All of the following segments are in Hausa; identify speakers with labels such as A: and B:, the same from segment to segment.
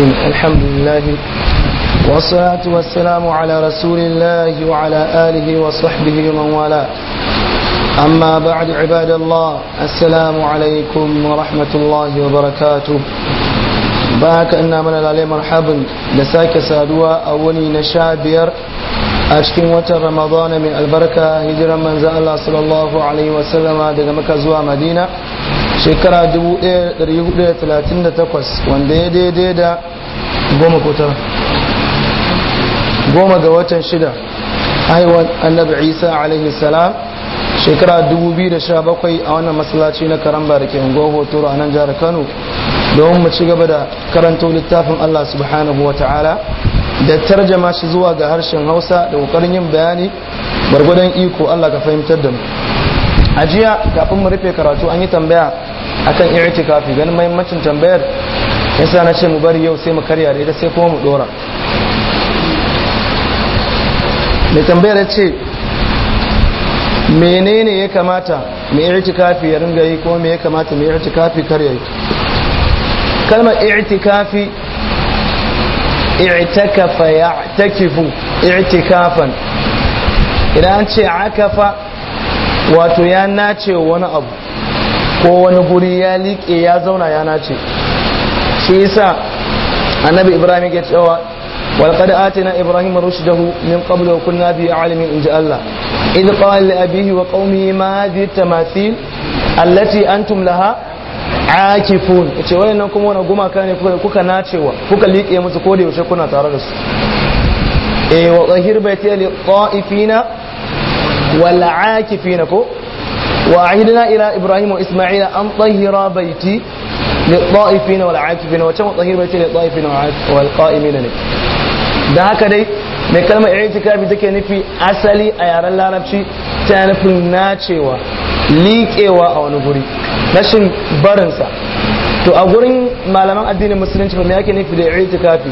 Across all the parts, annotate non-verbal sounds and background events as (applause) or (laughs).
A: الرحيم الحمد لله والصلاة والسلام على رسول الله وعلى آله وصحبه ومن والاه أما بعد عباد الله السلام عليكم ورحمة الله وبركاته باك أن من العلي مرحبا لساك سادوا أولي نشابير a cikin watan ramadana mai albarka hijiran manzan Allah sallallahu alaihi wasallama daga maka zuwa madina shekara 1438 wanda ya daidai da goma kutar goma ga watan shida haihuwar annabi isa alaihi salam shekara 2017 a wannan masallaci na karan da ke ungo turu a nan jihar kano domin mu ci gaba da karanto littafin allah subhanahu wa ta'ala da tarjama shi zuwa ga harshen hausa da kokarin yin bayani gwargwadon iko Allah ka fahimtar da mu a jiya kafin mu rufe karatu an yi tambaya akan kafi ganin mahimmancin tambayar yasa na ce mu bari yau sai mu karya da ita sai kuma mu dora mai tambayar ya ce menene ya kamata mai kafi ya ringa yi ko me ya kamata mai i'tikafi kafi karya yi kalmar kafi. i'takafa ya'takifu i'tikafan idan ce akafa wato ya nace wani abu ko wani guri ya liƙe ya zauna ya nace shi yasa annabi ibrahim ya cewa wal qad atina ibrahim rushdahu min qablu kunna bi alimin in ja Allah idh qala li abihi wa qaumihi ma hadhihi tamathil allati antum laha akifun wani nan kuma wani gumaka ne kuka cewa kuka liƙe musu ko da yaushe kuna tare da su e wa bai baiti li ta'ifina wal akifina ko wa ahidna ila ibrahim wa isma'ila an tahira baiti li ta'ifina wal akifina wa tsahir bai baiti li ta'ifina wal qa'imina ne da haka dai mai kalmar itikafi take nufi asali a yaren larabci ta nufin nacewa liƙewa a wani guri rashin barinsa to a gurin malaman addinin musulunci ba mai yake nufi da itikafi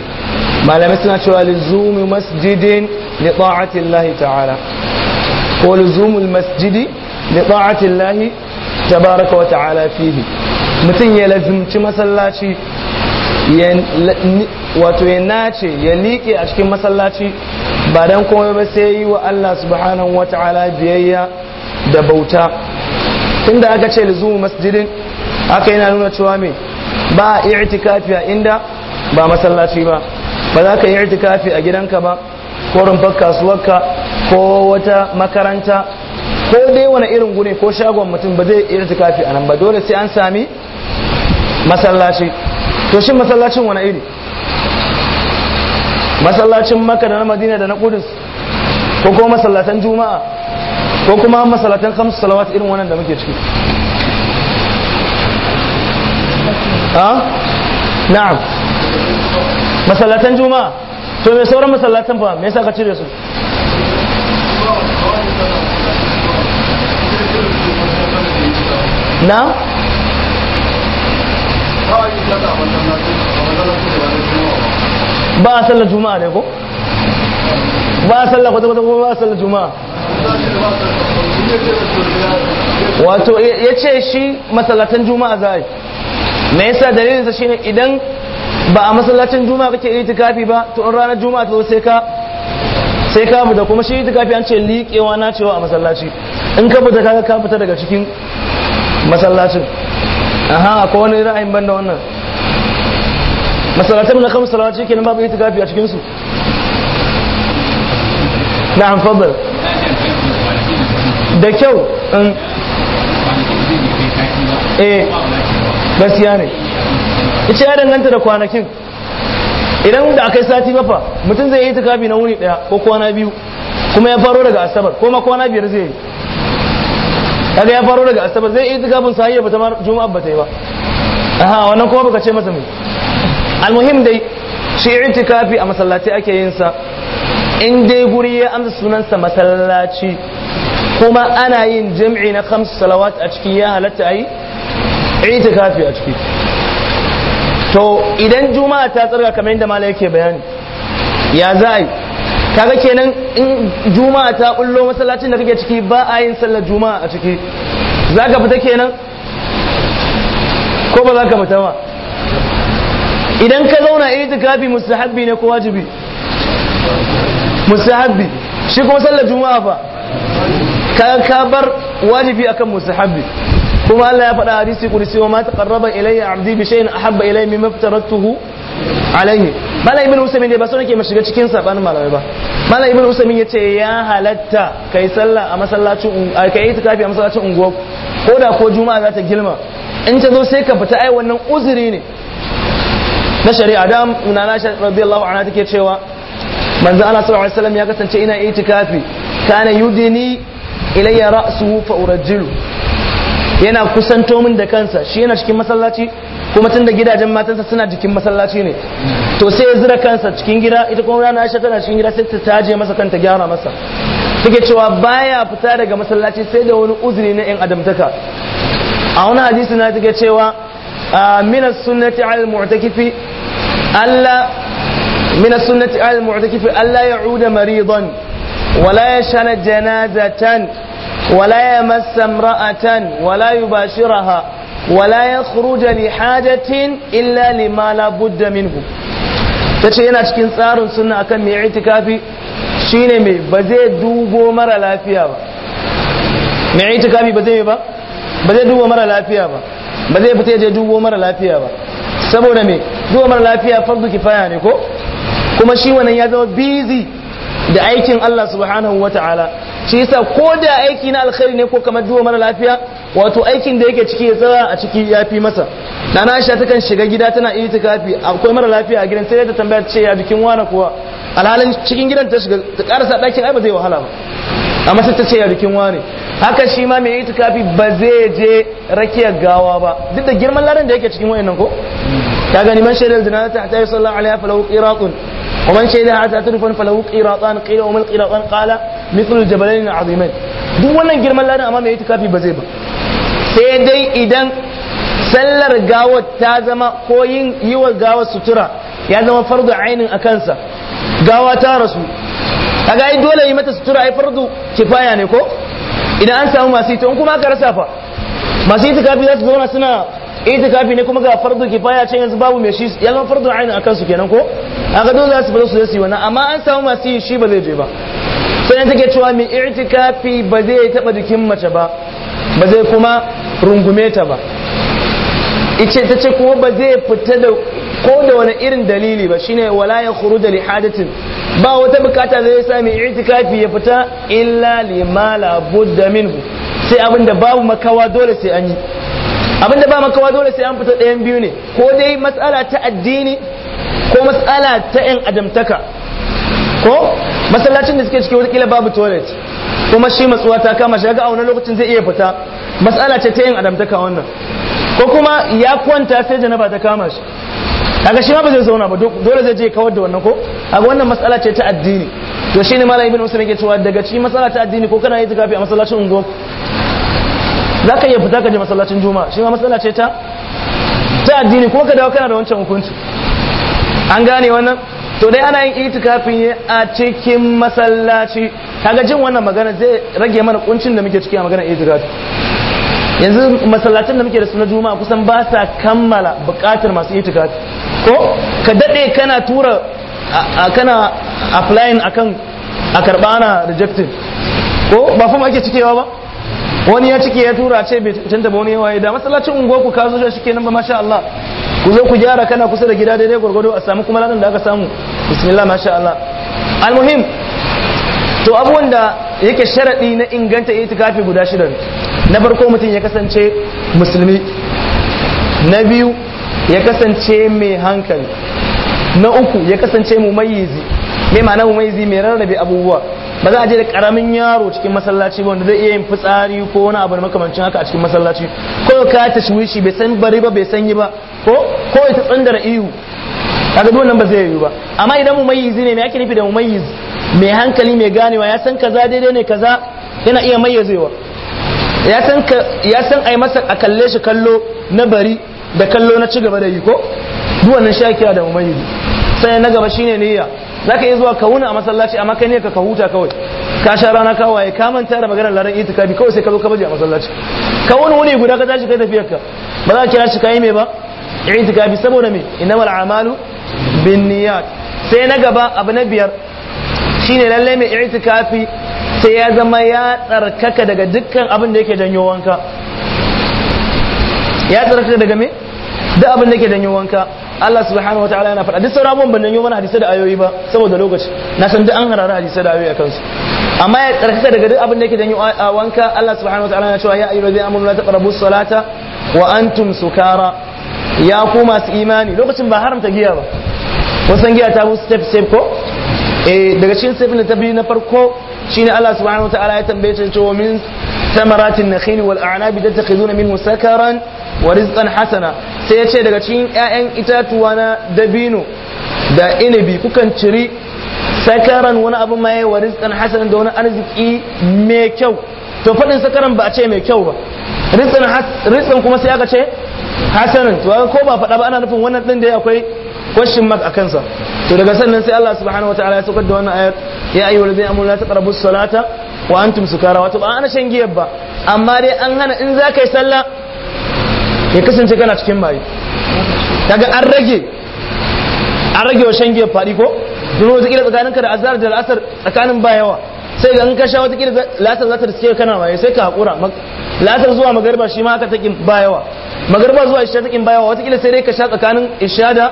A: malamai suna cewa luzumi masjidin li ta'ati Allah ta'ala ko luzumul masjidi li ta'ati Allah tabaraka wa ta'ala fihi mutum ya lazimci masallaci wato ya nace ya liƙe a cikin masallaci ba don komai ba sai yi wa Allah subhanahu ta'ala biyayya da bauta inda aka ce lizu masjidin aka yana nuna cewa me ba a i'tikafi a inda ba masallaci ba ba za ka yi i'tikafi a gidanka ba ko rumfar kasuwarka ko wata makaranta ko dai wani irin gune ko shagon mutum ba zai iya kafi a nan ba dole sai an sami masallaci to shi masallacin wani iri masallacin maka da na madina da na kudus ko kuma masallatan juma'a ko kuma masallatan kamsu salawat irin wannan da muke ciki ha na'am masallatan juma'a to me sauran masallatan fa me yasa ka cire su na'am ba a sallar juma'a ne ko ba a sallar kwata-kwata kuma ba a sallar juma'a wato ya ce shi masallatan juma'a za a yi me yasa dalilinsa shine idan ba a masallacin juma'a kake tukafi ba to in ranar juma'a ta sai ka sai ka fita kuma shi tukafi an ce liƙewa na cewa a masallaci in ka fita kaga ka fita daga cikin masallacin aha akwai wani ra'ayin banda wannan masalatan na kamar salawatu kenan babu gafi a cikin su amfabar da kyau eh gaskiya ne ita ya danganta da kwanakin idan da aka yi sati mafa mutum zai yi gafi na wuni daya ko kwana biyu kuma ya faro daga asabar ko ma kwana biyar zai yi kaga ya faro daga asabar zai yi tikafin sahiyya ba ta juma'a ba ta yi ba aha wannan kuma baka ce masa mai almuhim dai shi kafi a masallaci ake yin sa in dai guri ya amsa sunansa masallaci kuma ana yin jam'i na kamsu salawat a ciki ya halatta a ayi itikafi a ciki to idan juma'a ta tsarga kamar yadda malai yake bayani ya za kaga kenan in juma'a ta kullo masallacin da kake ciki ba a yin sallar juma'a a ciki za ka fita kenan ko ba za ka fita ba idan ka zauna itikafi mustahabbi ne ko wajibi mustahabbi shi kuma sallar juma'a fa kaga ka bar wajibi akan mustahabbi kuma Allah ya faɗa hadisi kudusi wa ma taqarraba ilayya abdi bi shay'in ahabba ilayya mimma aftaratuhu alaihi mala ibn usaimin dai ba sun ke mashiga shiga cikin sabanin malamai ba mala ibn usaimin yace ya halatta kai sallah a masallacin kai tukafi a masallacin unguwa ko da ko juma'a za ta gilma in ta zo sai ka fita ai wannan uzuri ne na shari'a da nana shi radiyallahu anha take cewa manzo Allah sallallahu alaihi wasallam ya kasance ina itikafi kana yudini ilayya ra'suhu fa urajjilu yana kusanto min da kansa shi yana cikin masallaci kuma tun da gidajen matansa suna jikin masallaci ne to sai ya zira kansa cikin gida ita kuma rana aisha tana cikin gida sai ta taje masa kanta gyara masa take cewa baya fita daga masallaci sai da wani uzuri na yan adamtaka a wani hadisi na take cewa min as-sunnati al-mu'takifi alla min as-sunnati al-mu'takifi alla ya'uda maridan janazatan wa la yamassa imra'atan wa la yubashiraha wala يخرج لحاجة إلا illa lima بد منه minhu tace yana cikin tsarin sunna akan mai itikafi shine mai ba zai dubo mara lafiya ba mai itikafi ba zai ba ba zai dubo mara lafiya ba ba zai fita je dubo mara lafiya ba saboda me dubo mara lafiya fardu kifaya ne ko kuma shi wannan ya zama busy da aikin Allah subhanahu wata'ala shi yasa ko da aiki na alkhairi ne ko kamar dubo mara lafiya wato aikin da yake ciki ya tsara a ciki ya fi masa nana aisha takan shiga gida tana iya kafi akwai mara lafiya a gidan sai ta tambaya ce ya jikin wani kuwa alhalin cikin gidan ta shiga ta karasa ɗakin ai ba zai wahala ba amma sai ta ce ya jikin wani haka shi ma mai itikafi ba zai je rakiyar gawa ba duk da girman ladan da yake cikin wayannan ko ya gani man shaidar ta yi sallan alaiha falahu kiraƙun wa man shaidar ta turfan falahu kiraƙun qila wa mal qiratan qala mithlu al azimai duk wannan girman ladan amma mai itikafi ba zai ba sai dai idan sallar gawar ta zama ko yin yiwa gawar sutura ya zama fardu ainin a kansa gawa ta rasu kaga ai dole yi mata sutura ai fardu kifaya ne ko idan an samu masu ita in kuma aka rasa fa masu itikafi za su zauna suna itikafi ne kuma ga fardu kifaya ce yanzu babu mai shi ya zama fardu ainin a kansu kenan ko ga dole za su fito su zai su yi wannan amma an samu masu yi shi ba zai je ba sai take cewa mai itikafi ba zai taba jikin mace ba ba zai kuma rungume ta ba ice ta ce kuma ba zai fita da ko da wani irin dalili ba shine wala ya khuruja li hadatin ba wata bukata zai sami itikafi ya fita illa lima la budda minhu sai abinda babu makawa dole sai an yi abinda ba makawa dole sai an fita ɗayan biyu ne ko dai matsala ta addini ko matsala ta yan adamtaka ko masallacin da suke ciki wata babu toilet kuma shi matsuwa ta kama shi ga a wani lokacin zai iya fita matsala ce ta yin adamtaka wannan ko kuma ya kwanta sai janaba ta kama shi daga shi ma ba zai zauna ba dole zai je kawar da wannan ko a wannan matsala ce ta addini to shine malam ibn usman yake cewa daga cikin matsala ta addini ko kana yi tukafi a masallacin ungo zaka iya fita ka je masallacin juma'a shi ma matsala ce ta ta addini ko ka dawo kana da wancan hukunci an gane wannan to dai ana yin itikafin a cikin masallaci kaga jin wannan magana zai rage mana kuncin da muke ciki a maganar itikafi yanzu masallacin da muke da suna na juma'a kusan ba sa kammala bukatar masu itikafi ko ka dade kana tura kana applying akan a karba ana rejected ko ba a ake cikewa ba wani ya cike ya tura ce bai cancanta ba wani yawa ya da masallacin unguwa ku ka zo shi kenan ba masha Allah ku zo ku gyara kana kusa da gida daidai gwargwado a samu kuma ladan da aka samu bismillah masha Allah almuhim to abubuwan da yake sharadi na inganta itikafi guda shida na farko mutum ya kasance musulmi na biyu ya kasance mai hankali na uku ya kasance mumayyizi mai ma'ana mumayyizi mai rarrabe abubuwa ba za a je da karamin yaro cikin masallaci ba wanda zai iya yin fitsari ko wani abu makamancin haka a cikin masallaci ko ka ta shi bai san bari ba bai san yi ba ko ko ita tsandara ihu kaga dole ba zai yi ba amma idan mu mumayyizi ne me yake nufi da mumayyiz mai hankali mai ganewa ya san kaza daidai ne kaza yana iya mayyazewa ya san ya san ai masa a kalle shi kallo na bari da kallo na ci gaba da yi ko duk wannan shi da mumayyizi sai na gaba shine niyya zaka iya zuwa ka wuna a masallaci amma kai ne ka ka huta kawai ka sha rana ka waye ka manta da maganar laran itikafi kawai sai ka zo ka a masallaci ka wani wuni guda ka tashi kai tafiyar ka ba za ka kira shi kai me ba itikafi saboda me innamal a'malu biniyar sai na gaba abu na biyar shine lalle mai itikafi sai ya zama ya tsarkaka daga dukkan abin da yake janyo wanka ya tsarkaka daga me da abin da yake janyo wanka Allah subhanahu wa ta'ala yana faɗa duk sauran abubuwan ban yi mana hadisai da ayoyi ba saboda lokaci na san duk an harara hadisai da ayoyi a kansu amma ya tsarkaka daga duk abin da yake janyo a wanka Allah subhanahu wa ta'ala yana cewa ya ayyuhal ladina amanu la taqrabu salata wa antum sukara ya ku masu imani lokacin ba haramta giya ba wasan giya ta bu step step ko eh daga cikin step na ta biyu na farko shine Allah subhanahu wa ta'ala ya tambaye ta cewa min samaratin nakhil wal a'nab tattakhizuna minhu sakaran wa rizqan hasana sai ya ce daga cikin ƴaƴan itatuwa na dabino da inabi kukan ciri sakaran wani abu mai wa rizqan hasanan da wani arziki mai kyau to fadin sakaran ba a ce mai kyau ba rizqan kuma sai aka ce hasanan to ko ba faɗa ba ana nufin wannan din da akwai question mark a kansa to daga sannan sai Allah subhanahu wataala ya saukar da wannan ayar ya ayyuhu allazina amanu la taqrabu salata wa antum sukara wato ba ana shan giyar ba amma dai an hana in za ka yi sallah ya kasance kana cikin bayi daga an rage an rage wa shan giyar fadi ko duk wata kila tsakaninka da azhar da al'asar tsakanin ba yawa sai ga in ka sha wata kila la'asar za ta riske kana maye sai ka hakura la'asar zuwa magariba shi ma haka kin ba yawa magariba zuwa isha kin ba yawa wata kila sai dai ka sha tsakanin isha da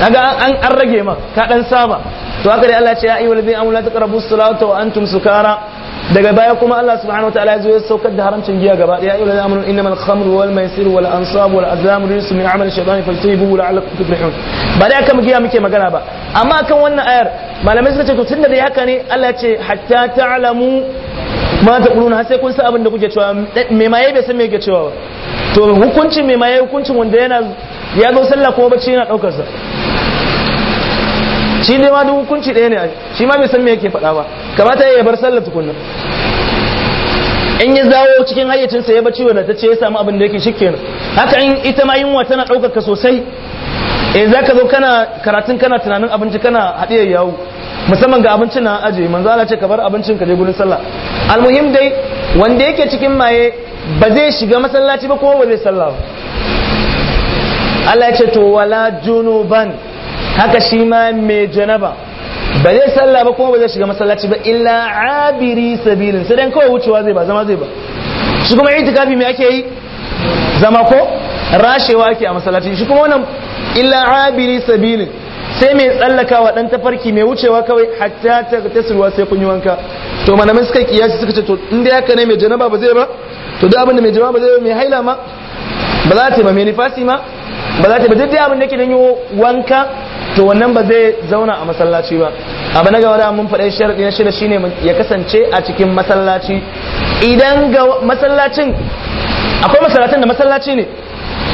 A: kaga an an rage ma ka dan saba to haka dai Allah ya ce ya ayyuhal ladina amanu la salatu salata wa antum sukara daga baya kuma Allah subhanahu ta'ala ya zo ya saukar da haramcin giya gaba ya ayyuhal ladina amanu innamal khamru wal maisiru wal ansabu wal azlamu rijsun min amali shaytani fajtanibuhu la'allakum tuflihun ba dai akan giya muke magana ba amma akan wannan ayar malamai suka ce to tunda dai haka ne Allah ya ce hatta ta'lamu ma ta kuluna har sai kun san abin da kuke cewa me maye bai san me yake cewa ba to hukuncin me maye hukuncin wanda yana ya zo sallah kuma bacci yana daukar sa shi dai ma duk hukunci ɗaya ne shi ma bai san me yake faɗa ba kamata ya bar sallar tukunna in ya zawo cikin hayyacinsa ya bacci wadda ta ce ya samu abin da yake shi haka in ita ma yunwa tana daukar ka sosai eh za ka zo kana karatun kana tunanin abinci kana haɗe yawo musamman ga abincin na aje manzo Allah ce ka bar abincin ka je gurin sallah almuhim dai wanda yake cikin maye ba zai shiga masallaci ba ko ba zai sallah ba Allah ya ce to wala junuban haka shi ma mai janaba ba zai sallah ba kuma ba zai shiga masallaci ba illa abiri sabilin sai dan kawai wucewa zai ba zama zai ba shi kuma itikafi me ake yi zama ko rashewa ake a masallaci shi kuma wannan illa abiri sabilin sai mai tsallakawa dan tafarki mai wucewa kawai hatta ta tasirwa sai kun yi wanka to malamai suka kiyasi suka ce to in dai haka ne mai janaba ba zai ba to da abin da mai janaba ba zai ba mai haila ma ba za ta yi ba mai nifasi ma ba za ta ba duk dai abin da ke yi wanka to wannan ba zai zauna a masallaci ba abu na gaba da mun faɗa sharadi na shida shine ya kasance a cikin masallaci idan ga masallacin akwai masallacin da masallaci ne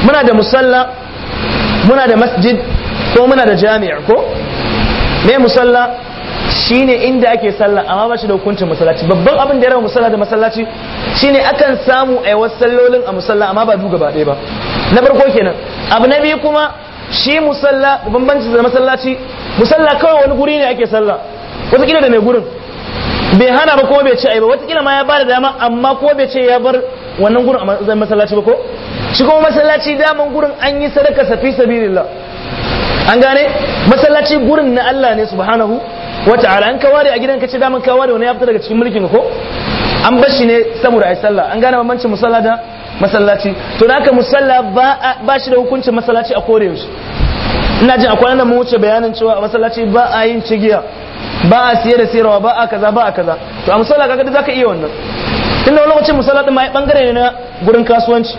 A: muna da musalla muna da masjid ko muna da jami'a ko me musalla shine inda ake sallah amma ba shi da hukuncin masallaci babban abin da ya rawa musalla da masallaci shine akan samu a sallolin a musalla amma ba du gaba ɗaya ba na farko kenan abu na biyu kuma shi musalla bambanci da masallaci musalla kawai wani guri ne ake sallah wataƙila da mai gurin bai hana ba ko bai ce ai ba watakila ma ya ba da dama amma ko bai ce ya bar wannan gurin a matsayin masallaci ba ko shi kuma masallaci daman gurin an yi sadaka safi sabilillah an gane masallaci gurin na Allah ne subhanahu wata'ala an kaware a gidan ka ce daman kaware wani ya fita daga cikin mulkin ko an bar shi ne saboda ai sallah an gane bambancin musalla da masallaci to naka musalla ba shi da hukuncin masallaci a kore yaushe ina jin akwai nan mu wuce bayanin cewa a masallaci ba a yin cigiya ba a siye da siyarwa ba a kaza ba a kaza to a musalla kaga zaka iya wannan tunda wani lokacin musalla din ma ai bangare ne na gurin kasuwanci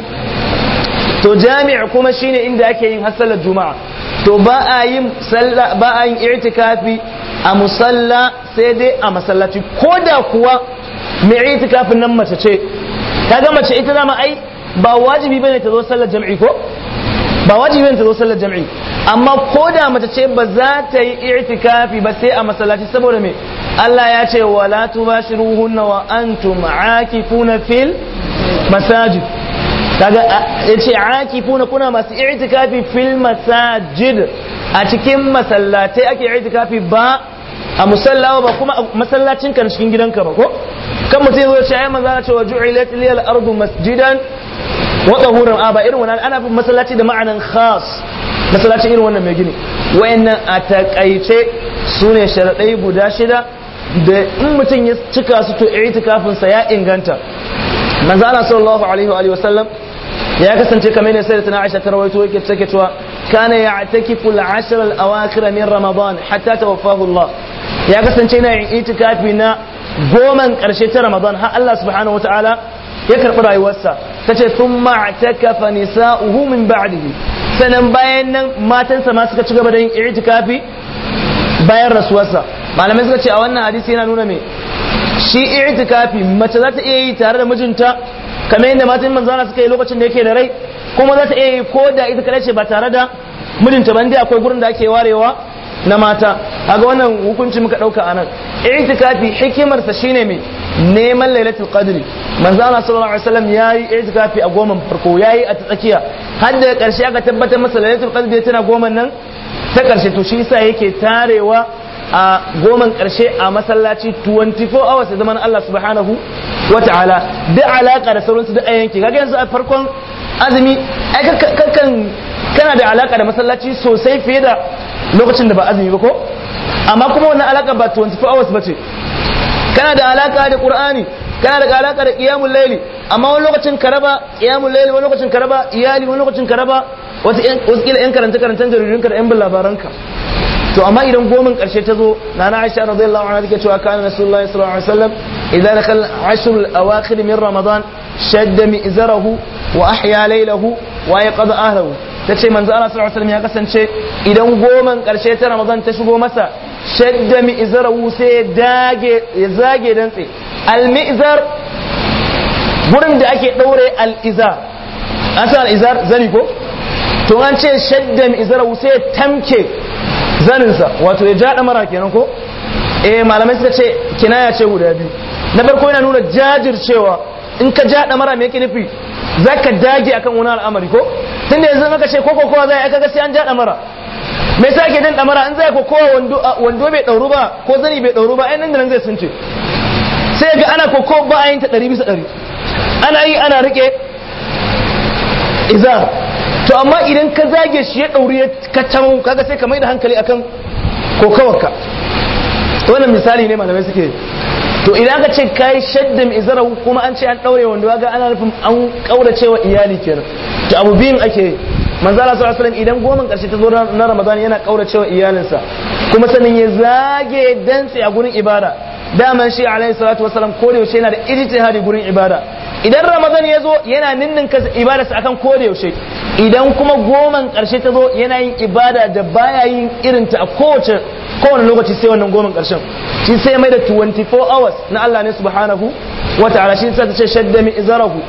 A: to jami'a kuma shine inda ake yin hasalar juma'a to ba a yin sallah ba a yin i'tikafi a musalla sai dai a masallaci ko da kuwa mai itikafin nan mace ce ka kaga mace ita dama ai ba wajibi bane ta zo sallar jam'i ko ba wajibi bane ta zo sallar jam'i amma ko da mace ce ba za ta yi i'tikafi ba sai a masallaci saboda me Allah ya ce wala tubashiruhunna wa antum aakifuna fil masajid kaga yace aakifuna kuna masu i'tikafi fil masajid a cikin masallatai ake i'tikafi ba a musallawa ba kuma masallacin ka cikin gidanka ba ko kan mutum zai ce ai manzo ce wa ju'ilat liyal ardu masjidan wa a aba irin wannan ana bin masallaci da ma'anan khas masallacin irin wannan mai gini wayannan a takaice sune sharaɗai guda shida da in mutum ya cika su to i'tikafin sa ya inganta manzo Allah sallallahu alaihi wa ya kasance kamar ne sai da tana aisha ta rawaito yake take cewa kana ya'takifu al-ashr al-awakhir min ramadan hatta tawaffahu Allah ya kasance yana yin itikafi na goman karshe ta ramadan har Allah subhanahu wataala ya karbi rayuwarsa ta ce thumma i'takafa nisa'uhu min ba'dihi sanan bayan nan matansa ma suka ci gaba da yin itikafi bayan rasuwarsa malamai suka ce a wannan hadisi yana nuna me shi itikafi mace za ta iya yi tare da mijinta kamar yadda matan manzana suka yi lokacin da yake da rai kuma za ta iya yi ko da ita kada ce ba tare da mijinta ba dai akwai gurin da ake warewa na mata a ga wannan hukunci muka dauka anan i'tikafi hikimar sa shine mai neman lailatul qadri manzo Allah sallallahu alaihi wasallam yayi i'tikafi a goma farko yayi a tsakiya har da karshe aka tabbatar masa lailatul qadri tana goma nan ta karshe to shi yasa yake tarewa a goman karshe a masallaci 24 hours da zaman Allah subhanahu wa ta'ala da alaka da sauransu da ayyanki yanke kaga yanzu a farkon azumi ai kakan kana da alaka da masallaci sosai fiye da lokacin da ba azumi ba ko amma kuma wannan alaka ba 24 hours ba ce kana da alaka da qur'ani kana da alaka da qiyamul layli amma wani lokacin ka raba qiyamul layli wani lokacin ka raba iyali wani lokacin ka raba wasu kila yan karanta karantan jaridun ka da yan labaran ka to amma idan goma karshe ta zo nana Aisha radiyallahu anha take cewa kana Rasulullahi sallallahu alaihi wasallam idan dakal ashr al-awakhir min Ramadan shadda mi'zarahu wa ahya laylahu wa yaqad ahlahu tace manzo Allah sallallahu alaihi wasallam ya kasance idan goma karshe ta Ramadan ta shigo masa shadda mi'zarahu sai dage ya zage dantse al-mi'zar gurin da ake daure al-izar an san al-izar zani ko to an ce shadda mi'zarahu sai tamke zaninsa wato ya jada mara kenan ko eh malamai suka ce kinaya ce guda biyu na farko yana nuna jajircewa in ka jada mara me yake nufi zaka dage akan wani al'amari ko tunda yanzu maka ce koko kowa zai aka ga sai an jada mara me yasa ake jin mara in za ko kowa wando wando bai dauru ba ko zani bai dauru ba ai nan da nan zai sunce sai ga ana koko ba a ta 100 bisa 100 ana yi ana rike izar to amma idan ka zage shi ya ɗauri ya kacan kaga sai ka mai da hankali akan ko kawarka wannan misali ne malamai suke to idan aka ce kai shaddam izarahu kuma an ce an ɗaure wanda waga ana nufin an ƙaurace wa iyali kenan to abu biyun ake manzo Allah sallallahu idan goman karshe ta zo na Ramadan yana ƙaurace wa iyalinsa kuma sanin ya zage dantse a gurin ibada daman shi alaihi salatu wasalam ko da yaushe yana da ijtihadi gurin ibada idan ramadan ya zo yana ninninka ibadarsa akan koda yaushe idan kuma goman karshe ta zo yana yin ibada da baya yin irinta a kowace kowane lokaci sai wannan goman karshen shi sai mai da 24 hours na Allah ne subhanahu wa ta'ala shi sai ta ce shadda mi izarahu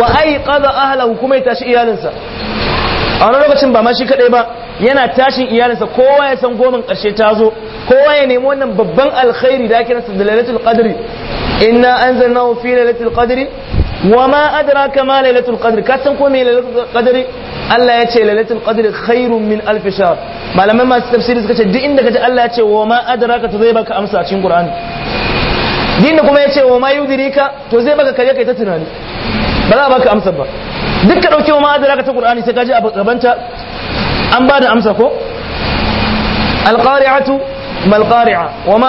A: wa qada ahlahu kuma ya tashi iyalinsa a wani lokacin ba ma shi kadai ba yana tashin iyalinsa kowa ya san goman karshe ta zo kowa ya nemi wannan babban alkhairi da ake nasa da lailatul qadri inna anzalnahu fi lailatul qadri wa ma adraka ma lailatul qadr ka san ko me Allah ya ce lailatul qadr khairun min alf shahr malamai masu tafsiri suka ce duk inda kaji Allah ya ce wa ma adraka to zai baka amsa a cikin Qur'ani din kuma ya ce wa ma yudrika to zai baka kaje kai ta tunani ba za a baka amsa ba duk ka dauke wa ma adraka ta gabanta an amsa ko wa ma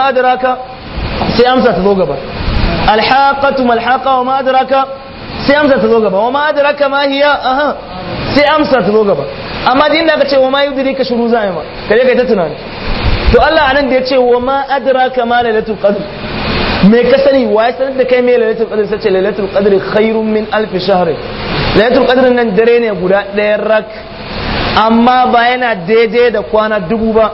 A: sai amsa ta zo gaba wa ma sai amsa ta zo gaba wa ma adraka ma hiya aha sai amsa ta zo gaba amma din da ka ce wa ma yudrika shuru zai ma ka je kai ta tunani to Allah anan da ya ce wa ma adraka ma lailatul qadr me ka sani wa ya sanar da kai me lailatul qadr sai ce lailatul qadr khairun min alf shahr lailatul qadr nan dare ne guda ɗaya rak amma ba yana daidai da kwana dubu ba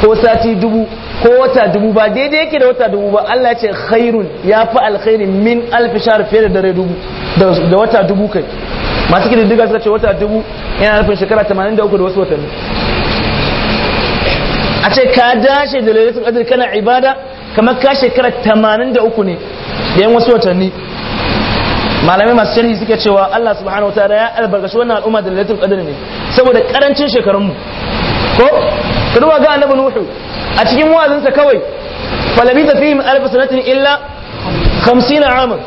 A: ko sati dubu ko wata dubu ba daidai yake da wata dubu ba Allah ce khairun ya fi alkhairi min alfi shahar fiye da dare dubu da wata dubu kai masu kididdiga suka ce wata dubu yana alfin shekara 83 da wasu watanni a ce ka dashe da lalatun qadr kana ibada kamar ka shekara 83 ne da yan wasu watanni malamai masu sharhi suka cewa Allah subhanahu wa ta'ala ya albarkashi wannan al'umma da lalatun qadr ne saboda karancin shekarun mu ko ka ga annabi nuhu a cikin wazinsa kawai ta fihim alfa sanatin illa 50 aman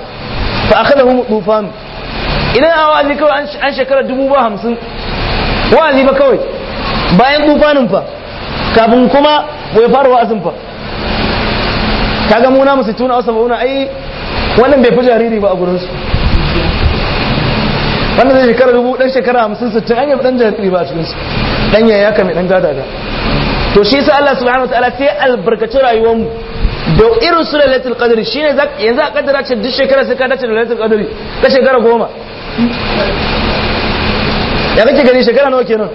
A: fa akhadahum tufan idan a wa'azi kawai an shekara dubu ba hamsin wa'azi ba kawai bayan tufanin fa kafin kuma bai fara wa'azin fa kaga muna musu tuna wasa bauna ai wannan bai fi jariri ba a gurinsu wanda zai shekara dubu dan shekara hamsin sittin an yi dan jari ba a cikinsu dan yaya ka mai dan gada da to shi sa Allah subhanahu wataala sai albarkacin rayuwar mu da irin su lailatul qadri shine yanzu a kaddara ce duk shekara sai ka dace da lailatul qadri ta shekara goma ya kake gani shekara nawa kenan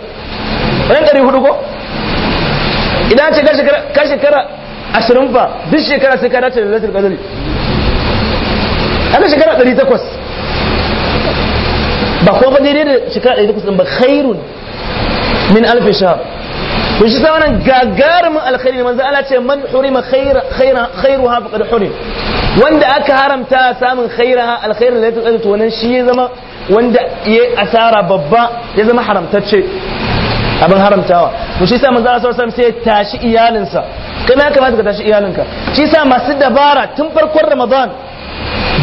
A: wannan ɗari hudu ko idan ce ka shekara ashirin fa duk shekara sai ka dace da lailatul qadri ta shekara ɗari takwas ba ko ba daidai da shekara ɗari takwas ba khairun min alfi shahar to shi sa wannan gagarumin alkhairi ne manzo Allah ce man hurima khaira khaira khairuha faqad hurim wanda aka haramta samun khairaha alkhairin da ta to wannan shi ya zama wanda ya asara babba ya zama haramtacce abin haramtawa to shi sa manzo Allah sallallahu alaihi wasallam sai tashi iyalinsa kai ya kamata ka tashi iyalinka shi sa masu dabara tun farkon Ramadan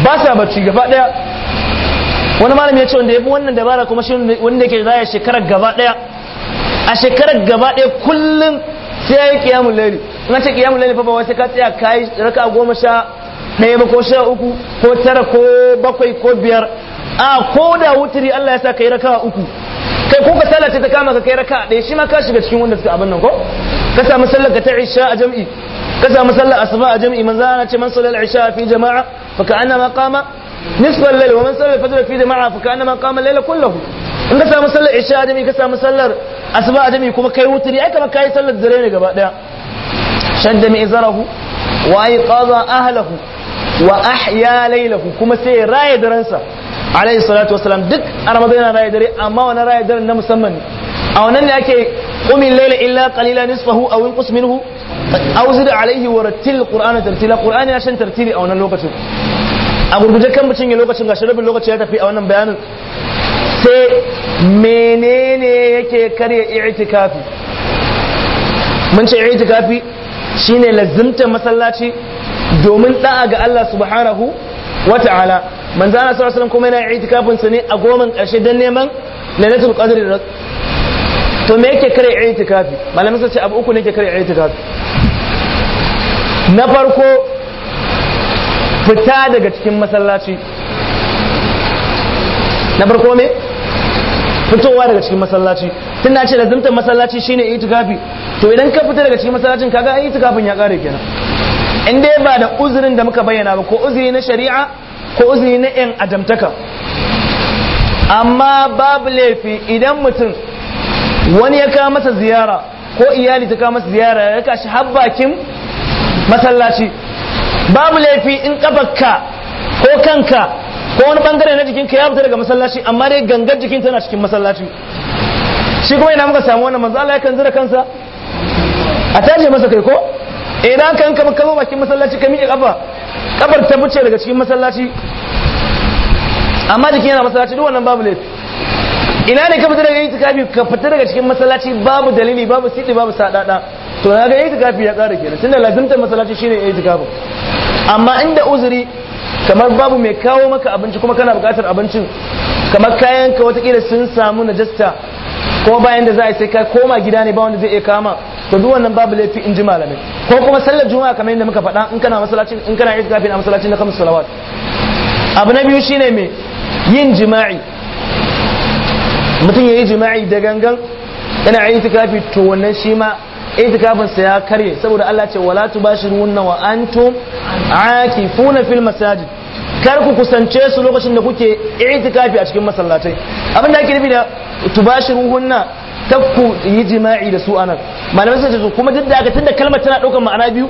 A: ba sa bacci gaba daya wani malam ya ce wanda ya fi wannan dabara kuma shi wanda ke zaya shekarar gaba daya a shekarar gaba daya kullum sai ya yi kiyamun laili na ce kiyamun laili fa sai wasu ka tsaya ka yi raka goma sha ɗaya ba ko sha uku ko tara ko bakwai ko biyar a ko da wuturi Allah ya sa ka yi raka uku kai ko ka sallah ta kama ka kai raka ɗaya shi ma ka shiga cikin wanda suka abin nan ko ka samu sallar ka ta isha a jam'i ka samu sallar asuba a jam'i manzo ana ce man sallal isha fi jama'a fa ka'annama qama nisfal layl wa man sallal fajr fi jama'a fa kana qama layla kullahu in ka samu sallar isha adami ka samu sallar asuba adami kuma kai wuturi ai kamar kai sallar dare ne gaba daya shadda mi izarahu wa ayqadha ahlahu wa ahya laylahu kuma sai raya daransa alayhi salatu wasalam duk a ramadan yana raya dare amma wani raya dare na musamman a wannan ake qumil layla illa qalila nisfahu aw inqus minhu aw zid alayhi wa rattil qur'ana tartila qur'ani ya shan tartili a wannan lokacin a gurguje kan mutum ya lokacin gashi rabin lokaci ya tafi a wannan bayanin sai menene yake karya i'tikafi mun ce i'tikafi shine lazimta masallaci domin da'a ga Allah subhanahu wata'ala manzo Allah sallallahu alaihi kuma yana i'tikafin sa ne a goman karshe dan neman lailatul qadr to me yake kare i'tikafi malamin sai abu uku ne yake kare i'tikafi na farko fita daga cikin masallaci na farko me fitowa daga cikin masallaci tun ce lazimtar masallaci shine itikafi to idan ka fita daga cikin masallacin kaga ai itikafin ya kare kenan in dai ba da uzurin da muka bayyana ba ko uzuri na shari'a ko uzuri na yan adamtaka amma babu laifi idan mutum wani ya kawo masa ziyara ko iyali ta kawo masa ziyara ya kashi har bakin masallaci babu laifi in kafarka ko kanka ko wani bangare na jikinka ya fita daga masallaci amma dai gangar jikin tana cikin masallaci shi kuma ina muka samu wannan manzo Allah ya kanzura kansa a taje masa kai ko eh, idan kanka ka kama bakin masallaci ka miƙe kafa kafar ta buce daga cikin masallaci amma jikin yana masallaci duk wannan babu laifi ina ne ka fita daga itikafi ka fita daga cikin masallaci babu dalili babu sidi babu sadada to na ga itikafi ya ƙara kenan tunda lazimtar masallaci shine itikafin amma inda uzuri kamar babu mai kawo maka abinci kuma kana buƙatar abincin kamar kayan ka watakila sun samu najasta ko bayan da za a sai ka koma gida ne ba wanda zai iya kama to duk wannan babu laifi in ji malamai ko kuma sallar juma'a kamar yadda muka faɗa in kana masallacin in kana itikafi a masalaci na kamar salawat abu na biyu shine me yin jima'i mutum ya yi jima'i da gangan yana itikafi to wannan shi ma itikafin sa ya karye saboda Allah ce wala tubashirunna wa antum aakifuna fil masajid kar ku kusance su lokacin da kuke itikafi a cikin masallatai abin da ake nufi da tubashiruhunna ta ku yi jima'i da su anan malamai sun ce kuma duk da aka tunda kalmar tana daukar ma'ana biyu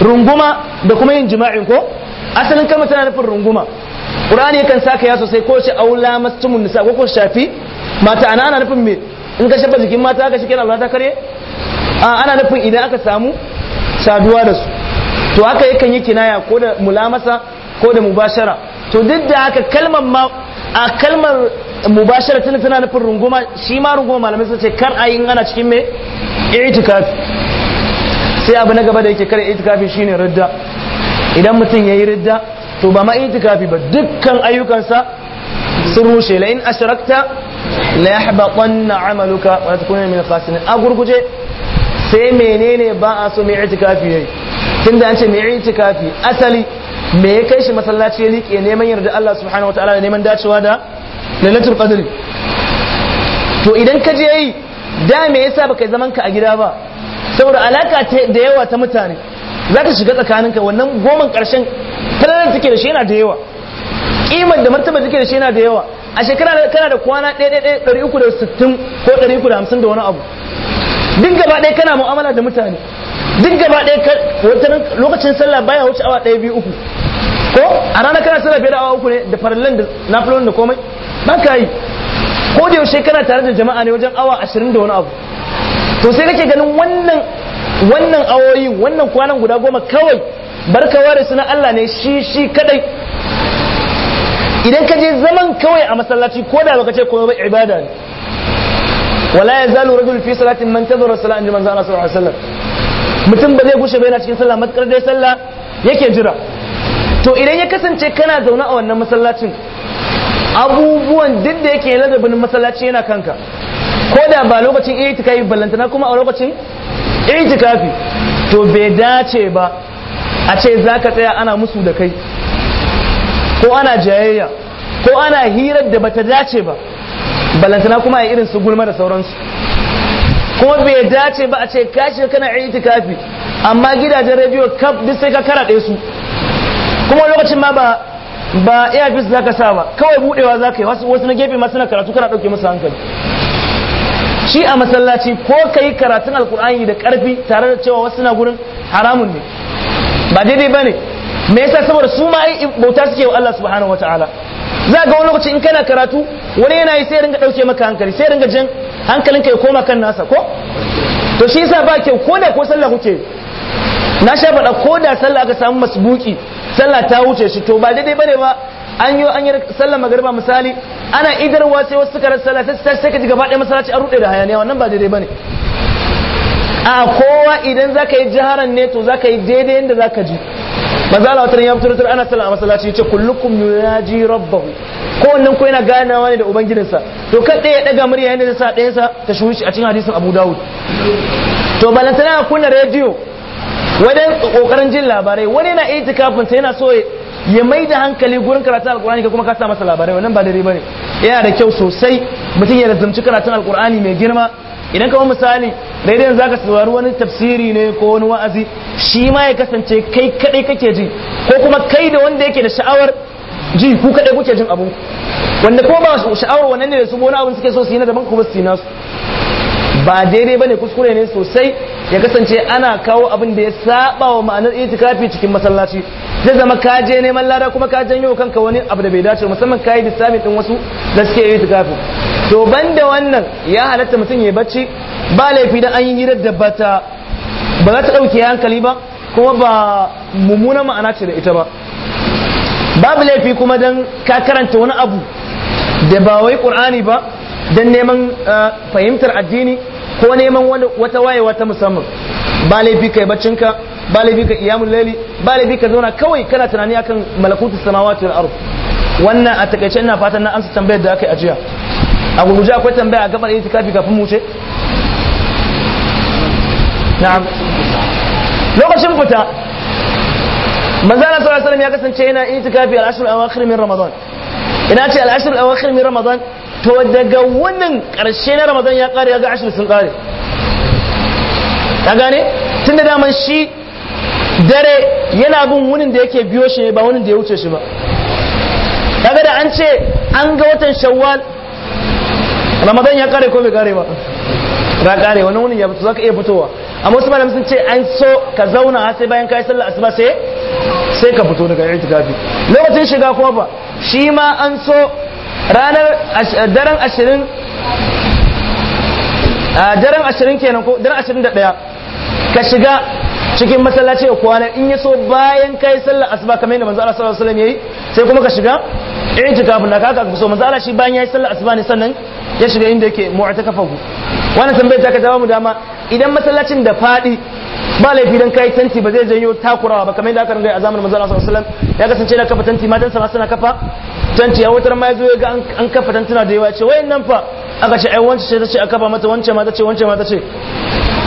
A: runguma da kuma yin jima'i ko asalin kalmar tana nufin runguma Qur'ani yakan saka ya sosai ko ce aula mastumun nisa ko ko shafi mata ana ana nufin me in ka shafa jikin mata ka shi kenan Allah ta kare ana nufin idan aka samu saduwa da su to haka yakan yi kinaya ko da mulamasa ko da mubashara to duk da haka kalmar ma a kalmar mubashara tana tana nufin runguma shi ma runguma malamai sun kar a yi ana cikin me itikafi sai abu na gaba da yake kar itikafi shine ridda idan mutum ya yi ridda to ba ma itikafi ba dukkan ayyukansa sun rushe la in ashrakta la yahbatanna amaluka wa takuna min al-khasirin a gurguje sai menene ba a so mai itikafi yayi da an ce mai itikafi asali me ya kai shi masallaci ya liƙe neman yarda Allah subhanahu wataala da neman dacewa da lailatul qadr to idan ka je yi da me yasa baka zaman ka a gida ba saboda alaka da yawa ta mutane ka shiga tsakaninka wannan goman karshen falalar take da shi yana da yawa kimar da martaba take da shi yana da yawa a shekara kana da kwana 1 360 ko 350 da wani abu duk gaba ɗaya kana mu'amala da mutane duk gaba ɗaya lokacin sallah baya wuce awa ɗaya biyu uku ko a rana kana sallah biyar da awa uku ne da farallan da nafilon da komai ba ka yi ko da yaushe kana tare da jama'a ne wajen awa ashirin da wani abu to sai kake ganin wannan wannan awoyi wannan kwanan guda goma kawai barka ware suna Allah ne shi shi kadai idan ka je zaman kawai a masallaci ko da baka ce komai ba ibada ne wala zalu rajul fi salatin man tazara salat inda manzo sallallahu alaihi wasallam mutum ba zai gushe ba yana cikin sallah matkar dai sallah yake jira to idan ya kasance kana zaune a wannan masallacin abubuwan duk da yake ladabin masallaci yana kanka ko da ba lokacin itikafi ballantana kuma a lokacin itikafi to bai dace ba a ce za tsaya ana musu da kai ko ana jayayya ko ana hirar da bata dace ba balantana kuma a irin su gulma da sauransu kuma bai dace ba a ce ka kana kana itikafi amma gidajen rediyo kaf duk sai ka karaɗe su kuma lokacin ma ba ba za zaka sa ba kawai budewa zaka yi wasu na gefe ma suna karatu kana dauke musu hankali shi a masallaci ko kai karatun alkur'ani da karfi tare da cewa wasu na gurin haramun ne ba daidai bane me yasa saboda su ma bauta suke wa Allah subhanahu wataala za ga wani lokaci in kana karatu wani yana yi sai ringa dauke maka hankali sai ringa jin hankalin ka ya koma kan nasa ko to shi yasa ba kyau ko da ko sallah kuke na sha faɗa ko da sallah aka samu masbuki sallah ta wuce shi to ba daidai bane ba an yi an yi sallah magariba misali ana idarwa sai wasu suka rasa sallah sai sai ka ji gaba ɗaya masallaci an rude da hayaniya wannan ba daidai bane a kowa idan zaka yi jiharan ne to zaka yi daidai yadda zaka ji maza Allah wata ya fito ana sallah a masallaci ya ce kullukum yuraji rabbahu kowanne ko yana ganawa ne da ubangijinsa to kai ɗaya ya ɗaga murya yadda zai sa ɗayansa ta shuhushi a cikin hadisin abu dawud to balantana a kunna rediyo wajen kokarin jin labarai wani yana iya tikafin sa yana so ya mai da hankali gurin karatun alkur'ani ka kuma ka sa masa labarai wannan ba riba ne. yana da kyau sosai mutum ya lazumci karatun alkur'ani mai girma idan kamar misali daidai za ka saurari wani tafsiri ne ko wani wa'azi shi ma ya kasance kai kaɗai kake ji ko kuma kai da wanda yake da sha'awar ji ku kaɗai kuke jin abun wanda ko ba su sha'awar wannan ne da su wani abin suke so su yi na daban kuma su yi nasu ba daidai bane kuskure ne sosai ya kasance ana kawo abin da ya saba wa ma'anar itikafi cikin masallaci zai zama ka je neman lada kuma ka janyo kanka wani abu da bai dace musamman ka yi bisamin din wasu da suke yi itikafi to banda wannan ya halatta mutum ya bacci ba laifi da an yi hirar da bata ba za ta dauke hankali ba kuma ba mummuna ma'ana ce da ita ba babu laifi kuma dan ka karanta wani abu da ba wai qur'ani ba dan neman eh, fahimtar addini ko neman wata wayewa ta musamman ba laifi kai baccinka ba laifi ka iyamul laili ba laifi ka zauna kawai kana tunani akan malakutu samawati wal aro. wannan a takaice ina fatan na amsa tambayar da aka yi ajiya a guguje akwai tambaya a gabar itikafi kafin mu wuce lokacin fita manzo Allah sallallahu alaihi ya kasance yana itikafi al-ashr al-awakhir min ramadan ina ce al-ashr al-awakhir min ramadan to daga wannan karshe na ramadan ya kare ga ashr sun kare ka gane tunda daman shi dare yana bin wunin da yake biyo shi ba wunin da ya wuce shi ba kaga da an ce an ga watan shawwal ramadan ya kare ko bai kare ba ra kare wani wunin ya fito zaka iya fitowa amma wasu malam sun ce an so ka zauna har sai bayan yi sallar asuba sai sai ka fito daga itikafi lokacin shiga kuma ba shi ma an so ranar daren ashirin daren ashirin kenan ko daren ashirin da ɗaya ka shiga cikin masallaci ya kwana in ya so bayan yi sallar asuba kamar yadda manzo Allah sallallahu alaihi wasallam yayi sai kuma ka shiga i'tikafin na kaka so manzo Allah shi bayan yi sallar asuba ne sannan ya shiga inda yake mu'takafahu wannan tambayar ta ka jawo mu dama idan masallacin da faɗi ba laifi don kai tanti ba zai janyo takurawa ba kamar yadda aka ringa a zamanin manzo Allah sallallahu wasallam ya kasance na kafa tanti matan sama suna kafa tanti a wutar ma yazo ya ga an kafa tantuna da yawa ce nan fa aka ce ai wance ce a kafa mata wance ma ce wance ma ce.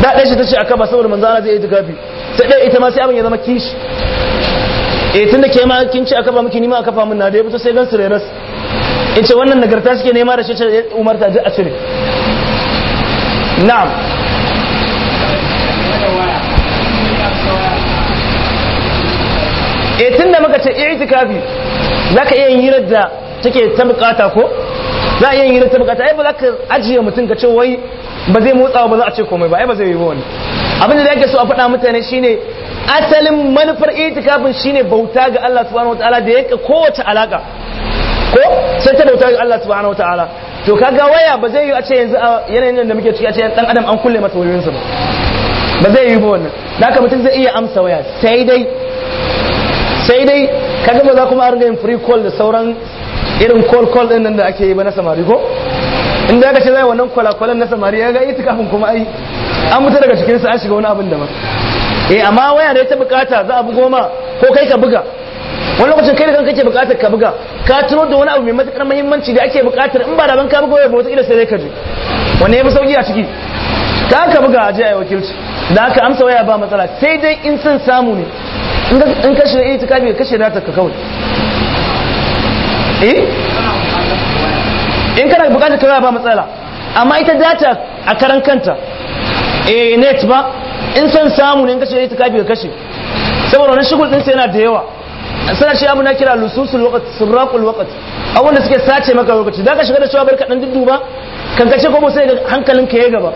A: da ɗaya ce a kafa saboda manzana zai yi kafi sai ɗaya ita ma sai abin ya zama kishi eh da ke ma kin ce a kafa miki ni ma a kafa min na da ya fito sai gansu su in ce wannan nagarta suke nema da shi eh, umarta duk a cire na'am tun eh, tunda muka ce i'tikafi za ka iya yin hirar da take ta bukata ko za iya yin hirar ta bukata ai za ka ajiye mutum ka ce wai ba zai motsa ba za a ce komai ba ai ba zai yi ba wani abin da yake so a faɗa mutane shine asalin manufar itikafin shine bauta ga Allah subhanahu wataala da yake kowace alaka ko sai ta bauta ga Allah subhanahu wataala to kaga waya ba zai yi a ce yanzu a yanayin da muke ciki a ce dan adam an kulle masa wayoyinsa ba ba zai yi ba wannan da haka mutum zai iya amsa waya sai dai sai dai ka gama za kuma arga yin free call da sauran irin call call ɗin nan da ake yi ba na samari ko in da aka ce zai wannan kwalakwalan na samari ya ga yi tukafin kuma ai an mutu daga cikin su an shiga wani abin da ma eh amma waya ne ta bukata za a bugo ma ko kai ka buga wani lokacin kai da kanka ke bukatar ka buga ka tuno da wani abu mai matukar muhimmanci da ake bukatar in ba da ban ka buga waya ba wata ila sai ka je wanne ya fi sauki a ciki da aka buga a jiya wakilci da aka amsa waya ba matsala sai dai in sun samu ne in kashe ita kabi kashe na ta kawai eh in kana bukatar kawai ba matsala amma ita data a karan kanta eh net ba in sun samu ne in kashe ita kabi kashe saboda wani shigul ɗinsa yana da yawa sana shi abu na kira lususul waqt sirraqul waqt abun da suke sace maka lokaci ka shiga da shawabar ka dan dudduba kan kace ko sai hankalinka ya gaba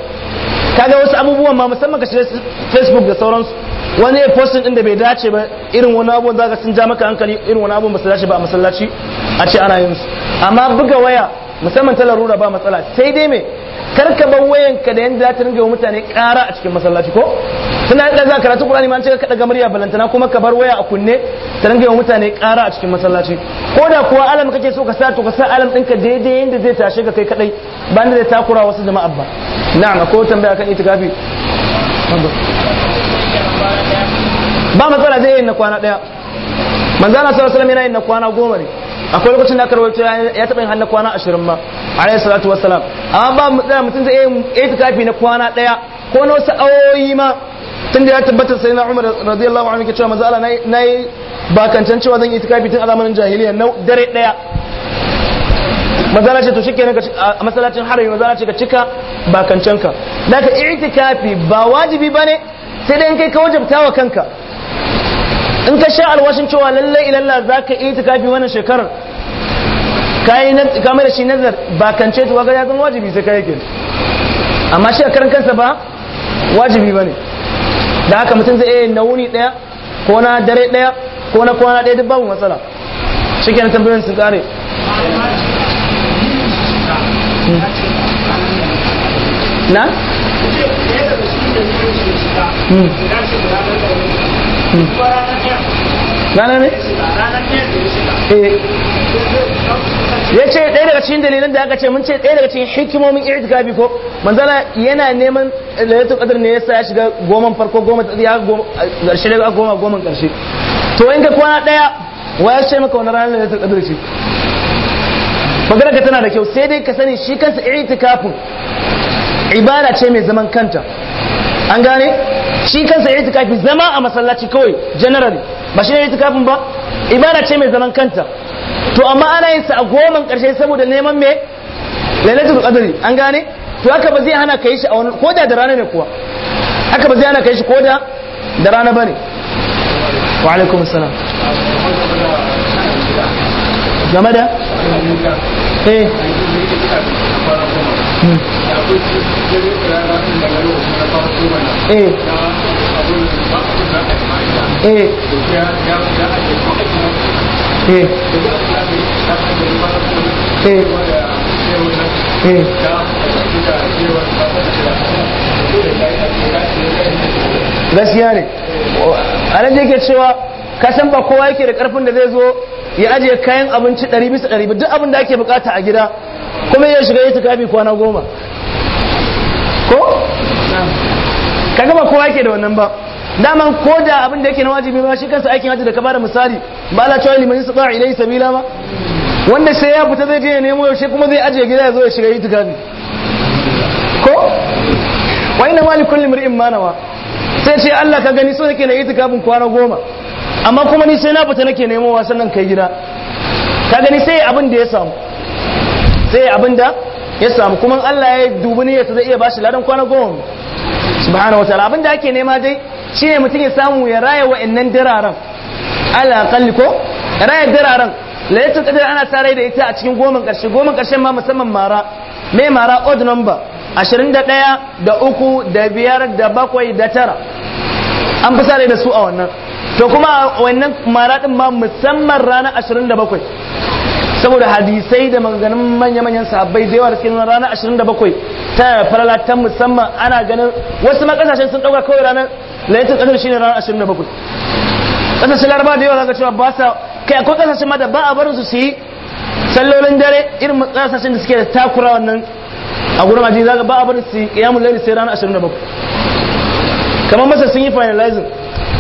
A: kaga wasu abubuwan ma musamman ka shiga facebook da sauransu wani ya postin din da bai dace ba irin wani abubuwan zaka sun ja maka hankali irin wani abubuwan ba su dace ba a masallaci a ce ana yin su amma buga waya musamman ta larura ba matsala sai dai me karka bar wayanka da yanda za ta ringa mutane ƙara a cikin masallaci ko tana yadda za karatu Qur'ani ma an ce ka daga murya balantana kuma ka bar waya a kunne ta ringa yawan mutane ƙara a cikin masallaci ko da kuwa alam kake so ka sa to ka sa alam ɗinka daidai yanda zai tashe ka kai kadai ba da zai takura wasu jama'a ba na'am ko tambaya kan itikafi ba matsala zai yi na kwana daya manzana sallallahu alaihi wasallam yana yin na kwana goma ne akwai lokacin da aka rawaito ya taɓa yin hannun kwana ashirin ma rai salatu wassalam amma ba mu tsaya mutum zai yi kafi na kwana ɗaya ko na wasu awoyi ma tun da ya tabbatar sai na umar radiyallahu anhu ke cewa maza Allah na yi bakancan cewa zan yi kafi tun a zamanin jahiliya na dare ɗaya mazala ce to shike a masallacin harami mazala ce ka cika bakancanka da ka kafi ba wajibi bane sai dai in kai ka wajabta wa kanka in ka sha alwashin cewa lallai ilalla za ka ta kafi wannan shekarar ka mai da shi nazar ba kan ta tuwa ya zama wajibi sai ka yake amma shi a karan kansa ba wajibi ba ne da haka mutum zai iya na wuni ɗaya ko na dare ɗaya ko na kwana ɗaya duk babu matsala shi na tambayoyin sun kare hmm. na? rana ne?
B: Eh.
A: ya ce ɗaya daga cikin dalilan da aka ce mun ce ɗaya daga cikin hikimomin gabi ko manzala yana neman lailatul ƙadar ne ya sa ya shiga goman farko goma ya karshe da goma goma ƙarshe. to in ka kwana ɗaya wa ya ce maka wani ranar lailatul ƙadar ce magana tana da kyau sai dai ka sani shi kansa kafin ibada ce mai zaman kanta an gane shi kansa itikafi zama a masallaci kawai generally ba shi ne itikafin ba ibada ce mai zaman kanta to amma ana yin sa a goman karshe saboda neman me lailatul qadri an gane to haka ba zai hana kai shi a wani koda da rana ne kuwa haka ba zai hana kai shi koda da rana bane wa alaikum assalam game da eh hmm.
B: eh Eh. Eh. Eh. gaskiya ne
A: a nan da yake cewa ka san ba kowa yake da karfin da zai zo ya ajiye kayan abinci 100 bisa 100 duk abin da ake bukata a gida kuma ya shiga yi tukafi kwana goma ko? ka gama kowa yake da wannan ba daman ko da abin da yake na wajibi ba shi kansa aikin haji da ka bada misali ba la cewa liman yasta ilai sabila ba wanda sai ya fita zai je ya nemo yaushe kuma zai ajiye gida ya zo ya shiga yi itikafi ko wa ina ma likulli mar'in ma nawa sai ce Allah ka gani so nake na yi itikafin kwana goma amma kuma ni sai na fita nake nemo wa sannan kai gida ka gani sai abin da ya samu sai abin da ya samu kuma Allah ya dubi ta zai iya bashi ladan kwana goma subhanahu wataala abin da ake nema dai shi ne mutum ya samu ya raya wa'annan diraren ala kalli ko raya diraren laylatul qadr ana tare da ita a cikin goma karshe goma karshe ma musamman mara mai mara odd number 21 da 3 da 5 da 7 da 9 an fi sare da su a wannan to kuma wannan mara din ma musamman ranar 27 saboda hadisai da maganganun manya-manyan sahabbai da yawa da suke nuna ranar 27 ta falala ta musamman ana ganin wasu ma kasashen sun dauka kawai ranar layatul qadr shine ranar 27 kasashen laraba da yawa zaka cewa ba sa kai akwai kasashen ma da ba a barin su su yi sallolin dare irin kasashen da suke da takura wannan a gurin aji zaka ba a barin su yi qiyamul layl sai ranar 27 kamar masa sun yi finalizing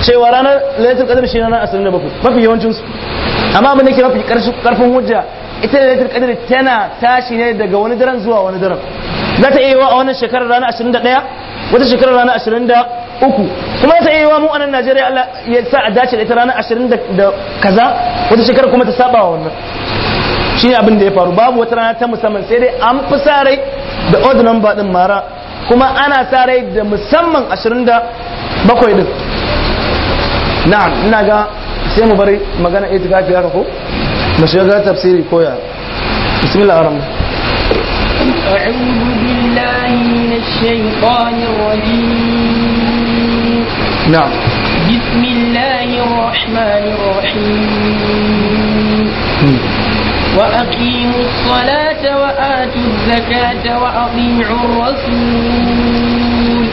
A: cewa ranar laitar kadar shi ranar bakwai mafi yawancinsu amma abin da ke mafi karfin hujja ita laitar kadar tana tashi ne daga wani daren zuwa wani daren za ta iya a wannan shekarar ranar da daya wata shekarar ranar da uku kuma za ta iya mu a nan Najeriya Allah ya sa a dace da ita ranar asirin da kaza wata shekarar kuma ta saba wa wannan shi ne abin da ya faru babu wata rana ta musamman sai dai an fi sa rai da odd number din mara kuma ana sa rai da musamman 27 din na'am ina sai mu bari magana ita gafiya ko mu shiga ga tafsiri koya bismillah aram
B: a'udhu billahi minash shaytanir rajim na'am bismillahir rahmanir rahim وأقيموا الصلاة وآتوا الزكاة وأطيعوا الرسول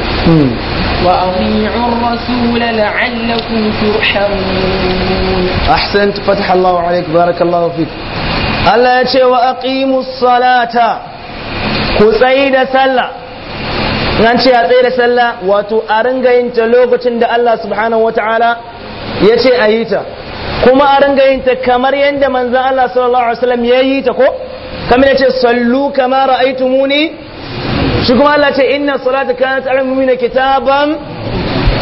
B: وأطيعوا الرسول لعلكم ترحمون
A: أحسنت فتح الله عليك بارك الله فيك Allah ya ce wa aqimu salata ku tsayi da sallah nan ce a tsayi da sallah wato a ringa lokacin da Allah subhanahu wataala ya ce a yi ta kuma a ringa yin ta kamar yadda manzon Allah sallallahu alaihi wasallam ya yi ta ko kamar ya ce sallu kama muni. shi kuma Allah ce inna salata kanat ala mu'mina kitaban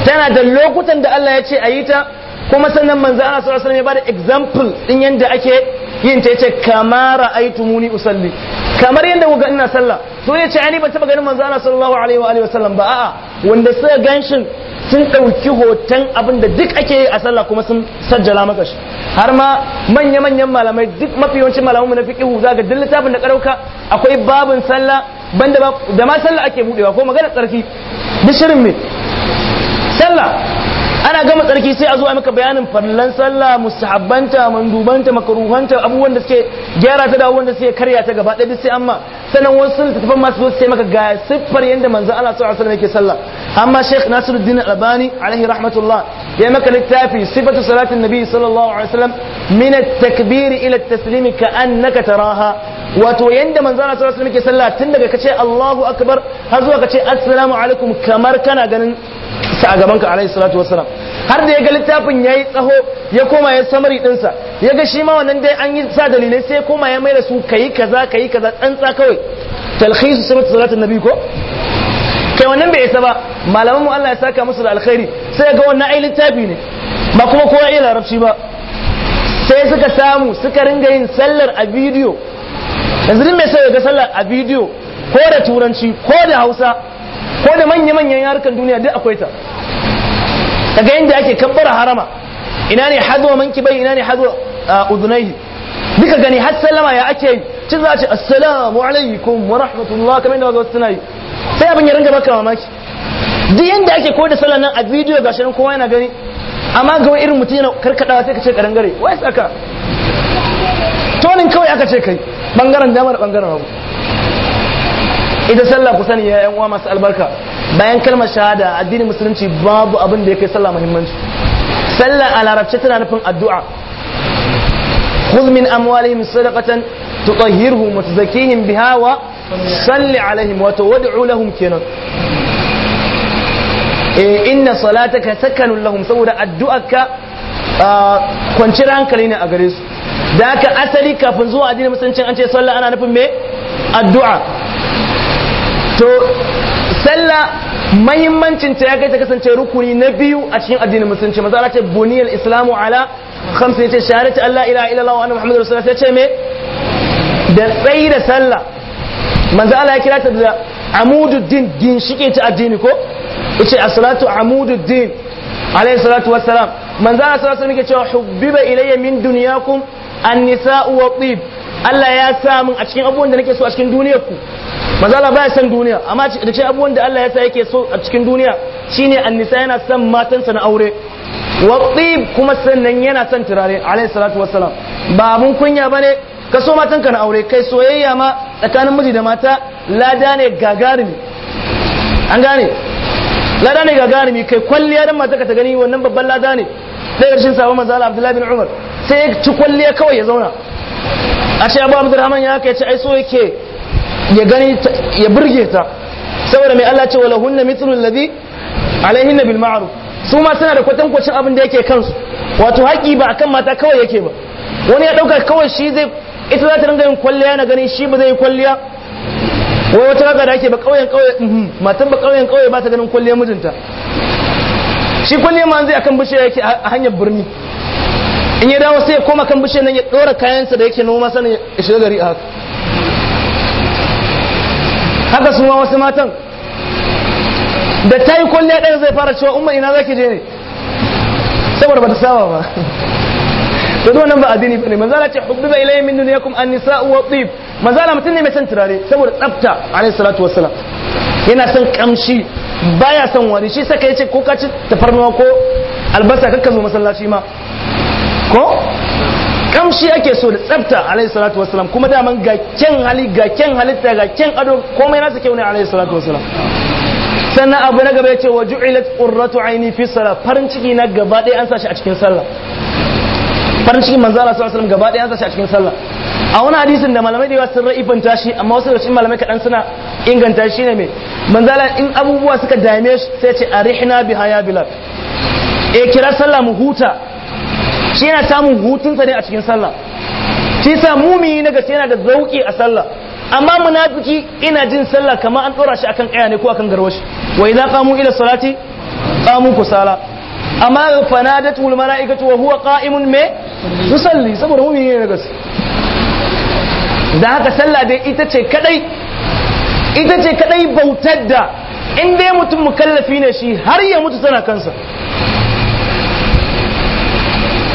A: tana da lokutan da Allah ya ce yi ta kuma sannan manzo Allah sallallahu alaihi wasallam ya bada example din yanda ake yin ta yace kamara aitumuni usalli kamar yanda kuka ina sallah to ya ani ban taba ganin manzo Allah sallallahu alaihi wa alihi wasallam ba a'a wanda suka ganshin sun ɗauki hoton abin da duk ake yi a sallah kuma sun sajjala maka shi har ma manya-manyan malamai duk mafi yawancin malamanmu na ihu za ga littafin da karauka akwai babin sallah banda da ma sallah ake budewa ko magana tsarki da shirin me sallah ana gama tsarki sai a zo a maka bayanin farlan sallah mustahabbanta mandubanta makruhanta abubuwan da suke gyara ta da abubuwan da suke karya ta gaba ɗaya sai amma sanan wasu sun tafi masu zo sai maka ga siffar yanda manzo Allah sallallahu alaihi wasallam yake sallah amma Sheikh Nasiruddin Albani alaihi rahmatullah ya maka littafi sifatu salatin nabi sallallahu alaihi wasallam min at-takbir ila at-taslim ka annaka taraha wato yanda manzo Allah sallallahu alaihi wasallam sallah tun daga kace Allahu akbar har zuwa kace assalamu alaikum kamar kana ganin sa a gaban ka alaihi salatu wassalam har da ya ga littafin yayi tsaho ya koma ya samari din sa ya ga shi ma wannan dai an yi sa dalilai sai koma ya mai da su kai kaza kai kaza tsantsa kawai talkhisu sifatu salatin nabi ko kai wannan bai isa ba malaman mu Allah ya saka musu da alkhairi sai ga wannan ai littafi ne ba kuma kowa iya larabci ba sai suka samu suka ringa yin sallar a bidiyo yanzu din mai sai ga sallar a bidiyo ko da turanci ko da hausa ko da manya-manyan yarukan duniya duk akwai ta daga yadda ake kabbara harama ina ne hadwa manki bai ina ne a ah, udunai duka gani har sallama ya ake yi cin za a ce assalamu alaikum wa rahmatullah kamar yadda wasu suna yi sai abin ya ringa baka mamaki duk yadda ake ko da sallar nan a bidiyo ga shirin kowa yana gani amma ga wani irin mutum yana karkadawa sai ka ce karangare wai saka tonin kawai aka ce kai bangaren dama da bangaren hagu ita sallah ku sani ya uwa masu albarka bayan kalmar shahada addinin musulunci babu abin da ya kai sallah muhimmanci sallah a larabce tana nufin addu'a khudh min amwalihim sadaqatan tutahhirhum wa tuzakkihim biha wa salli alaihim wa tawad'u lahum kenan eh, inna salataka sakanun lahum saboda addu'arka ah, kwanciyar hankali ne a gare su da aka asali kafin zuwa addinin musulunci an ce sallah ana nufin me addu'a to sallah mahimmancin ta ya kai ta kasance rukuni na biyu a cikin addinin musulunci maza Allah ce buniyal islamu ala khamsa yace shahadatu alla ilaha illallah wa anna muhammadur rasulullah sai ce me da tsayi da sallah manzo Allah ya kira ta da amududdin ginshike ta addini ko yace as-salatu amududdin alayhi salatu wassalam manzo Allah sallallahu alaihi wasallam yake cewa hubbiba ilayya min dunyakum an-nisa'u wa tib Allah ya sa a cikin abubuwan da nake so a cikin duniyar ku maza Allah baya san duniya amma da cikin abubuwan da Allah ya sa yake so a cikin duniya shine an-nisa yana son sa na aure wa tib kuma sannan yana son turare alayhi salatu wassalam ba mun kunya bane ka so ka na aure kai soyayya ma tsakanin miji da mata lada ne gagarumi an gane lada ne gagarumi kai kwalliya dan mata ka ta gani wannan babban lada ne da yarshin sabon manzo Allah Abdullahi bin Umar sai ya ci kwalliya kawai ya zauna a shi abu abdurrahman ya haka ya ce ai so yake ya gani ya burge ta saboda mai Allah ce wala hunna mithlu alladhi alaihin bil ma'ruf su ma suna da kwatankwacin abin da yake kansu wato haƙi ba akan mata kawai yake ba wani ya ɗauka kawai shi zai ita za ta ringa yin kwalliya na gani shi ba zai yi kwalliya wai wata raga da ake ba ƙauyen ƙauye uhm, matan ba ƙauyen ƙauye ba ta ganin kwalliyar mijinta shi kwalliyar ma zai akan bishiya yake a hanyar birni in ya dawo sai ya koma kan bishiyar nan ya ɗora kayansa da yake noma sanin ya shiga gari a haka haka su ma wasu matan da ta yi kulle ɗaya zai fara cewa umar ina za ki je ne saboda ba ta saba ba (laughs) to zuwa nan ba addini bane manzo Allah ce hubbiba ilayya min kuma an nisa uwa tib manzo mutum ne mai son turare saboda tsafta alayhi salatu wassalam yana son kamshi baya son wani shi saka ya ce ko ka ci tafarnuwa ko albasa kakka zo masallaci ma ko kamshi ake so da tsafta alayhi salatu wasalam kuma da man gaken hali gaken halitta gaken ado komai nasa kyau ne alayhi salatu wasalam sannan abu na gaba ya ce wa qurratu aini fi salat farin ciki na gaba ɗaya an sashi a cikin sallah farin ciki manzo Allah sallallahu alaihi wasallam gaba ɗaya an sashi a cikin sallah a wani hadisin da malamai da yawa sun ra'ifanta shi amma wasu da malamai kaɗan suna inganta shi ne mai manzala in abubuwa suka dame shi sai ce arihna rihna biha ya bilal e kira sallah mu huta shi yana samun hutunsa ne a cikin sallah shi sa mumi na gaske yana da zauki a sallah amma munafiki ina jin sallah kamar an tsora shi akan kaya ne ko akan garwashi wa idza qamu ila salati qamu kusala amma fanadatul malaikatu wa huwa qa'imun me yusalli saboda mumi ne na gaske da haka sallah dai ita ce kadai ita ce kadai bautar da in dai mutum mukallafi ne shi har ya mutu tana kansa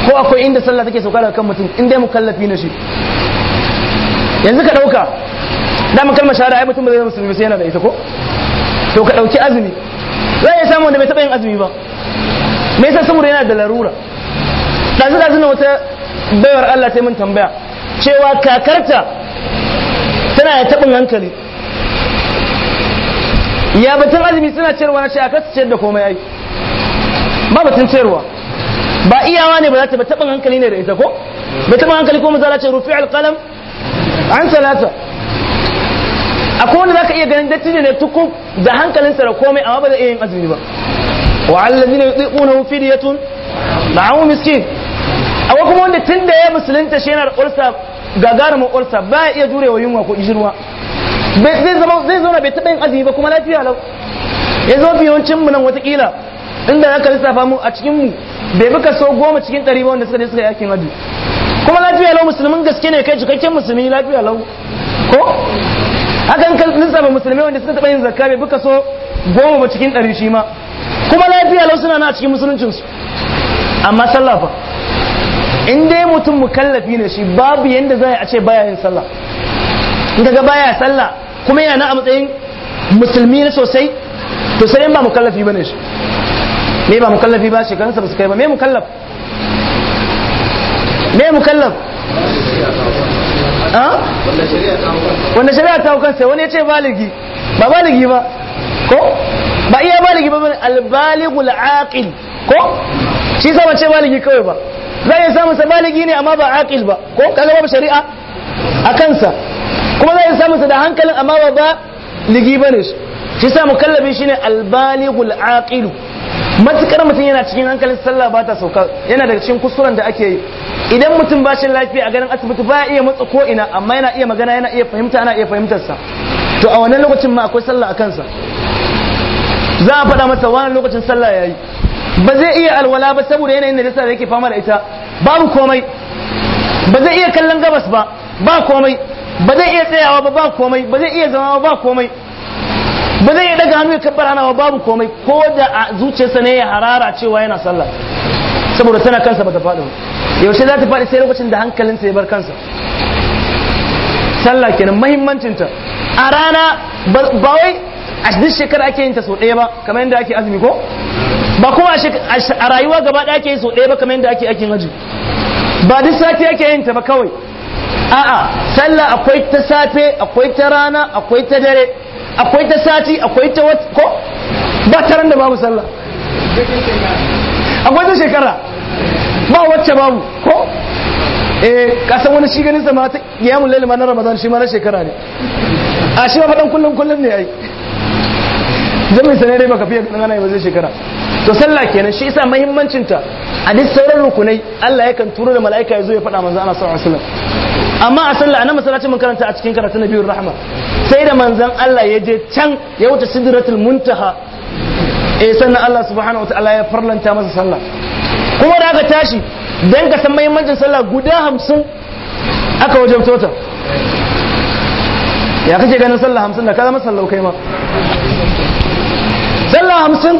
A: ko akwai inda sallah take sauka daga kan mutum in dai kallafi na shi yanzu ka dauka da mu kalmar shahada ai mutum ba zai zama musulmi sai yana da ita ko to ka dauki azumi za ya samu wanda bai taba yin azumi ba me yasa saboda yana da larura dazu dazu zuna wata baiwar Allah sai mun tambaya cewa kakarta tana da tabin hankali ya batun azumi suna ciyarwa na shi a kasu ciyar da komai ai ba batun ciyarwa ba iyawa ne ba za ta ba taɓin hankali ne da ita ko ba taɓin hankali ko misala ce rufi alƙalam an salata ko wanda za ka iya ganin dattijo ne tukub da sa da komai amma ba da iya yin azumi ba wa'al ladina yutiquna fidiyatun da'amu miskin akwai kuma wanda tun da ya musulunta shi yana da ƙwarsa ma ƙwarsa ba ya iya jurewa yunwa ko ijirwa zai zama zai zauna bai taɓa yin azumi ba kuma lafiya lau ya zo biyancin mu nan watakila inda aka lissafa mu a cikin mu bai bi kaso goma cikin ɗari ba wanda suka je suka yakin hajji kuma lafiya lau musulmin gaske ne kai cikakken musulmi lafiya lau ko hakan kan lissafa musulmi wanda suka taɓa yin zakka bai bi kaso goma ba cikin ɗari shi ma kuma lafiya lau suna na a cikin musuluncinsu amma sallah fa in dai mutum mukallafi ne shi babu yanda za a ce baya yin sallah in ga baya sallah kuma yana a matsayin musulmi na sosai to sai in ba mukallafi bane shi me ba mukallafi ba shekarunsa ba su kai ba me mukallaf me mukallaf ah? wanda shari'a ta hukar sai wani ya ce baligi ba baligi ba ko ba iya baligi ba bane albaligul aqil ko shi sa ba ce baligi kawai ba za ya samu sa baligi ne amma ba aqil ba ko kaga babu shari'a a kansa kuma za ya samu sa da hankalin amma ba ba ligi bane shi sa mukallabi shine albaligul aqilu matukar mutum yana cikin hankalin sallah ba ta sauka yana daga cikin kusuran da ake yi idan mutum ba shi lafiya a ganin asibiti ba iya matsa ko ina amma yana iya magana yana iya fahimta ana iya fahimtar sa to a wannan lokacin ma akwai sallah a kansa za a faɗa masa wannan lokacin sallah yayi ba zai iya alwala ba saboda yanayin da da yake fama da ita babu komai ba zai iya kallon gabas ba ba komai ba zai iya tsayawa ba ba komai ba zai iya zama ba komai ba zai iya daga hannu ya kabbar hana babu komai ko da a zuciyarsa ne ya harara cewa yana sallah saboda tana kansa bata faɗi yaushe za ta faɗi sai lokacin da hankalinsa ya bar kansa sallah kenan ta a rana ba wai a duk shekara ake yin ta sau ɗaya ba kamar yadda ake azumi ko ba kuma a rayuwa gaba ɗaya ake yin sau ɗaya ba kamar yadda ake aikin haji ba duk sati ake yin ta ba kawai a'a sallah akwai ta safe akwai ta rana akwai ta dare akwai ta sati akwai ta ko ba taron da babu sallah akwai ta shekara ba wacce babu ko eh kasan wani shi ganin sa ta ya mun lalle ma na ramadan shi ma na shekara ne a shi ma fadan kullum kullum ne ai Zan mai ne dai baka fiye kana ba zai shekara to sallah kenan shi yasa muhimmancin ta a duk sauran rukunai Allah yakan turo da mala'ika ya zo ya fada manzo ana sallallahu alaihi wasallam amma a sallah na masallaci mun karanta a cikin karatu na biyu rahama sai da manzan Allah ya je can ya wuce sidratul muntaha eh sannan Allah subhanahu wataala ya farlanta masa sallah kuma da aka tashi dan ka san mahimmancin sallah guda hamsin aka wajen tota ya kace ganin sallah hamsin da ka zama sallau kai ma sallah hamsin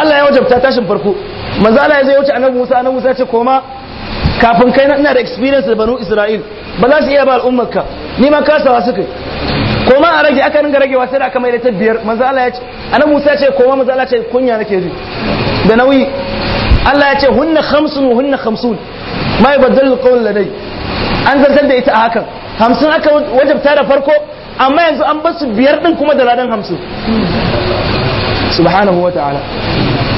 A: Allah ya wajabta tashin farko manzo Allah ya zo ya wuce annabi Musa annabi Musa ya ce koma kafin kai na ina da experience da banu Isra'il ba za su iya ba al'ummarka ni ma kasawa suka ko ma a rage aka ringa ragewa sai da aka mai da ta biyar manzo Allah ya ce annabi Musa ya ce ko ma manzo Allah ya ce kunya nake ji da nauyi Allah ya ce hunna khamsun wa hunna khamsun ma yabaddalu qawl ladai an zartar da ita a hakan hamsin aka wajabta da farko amma yanzu an basu biyar din kuma da ladan hamsin subhanahu wa ta'ala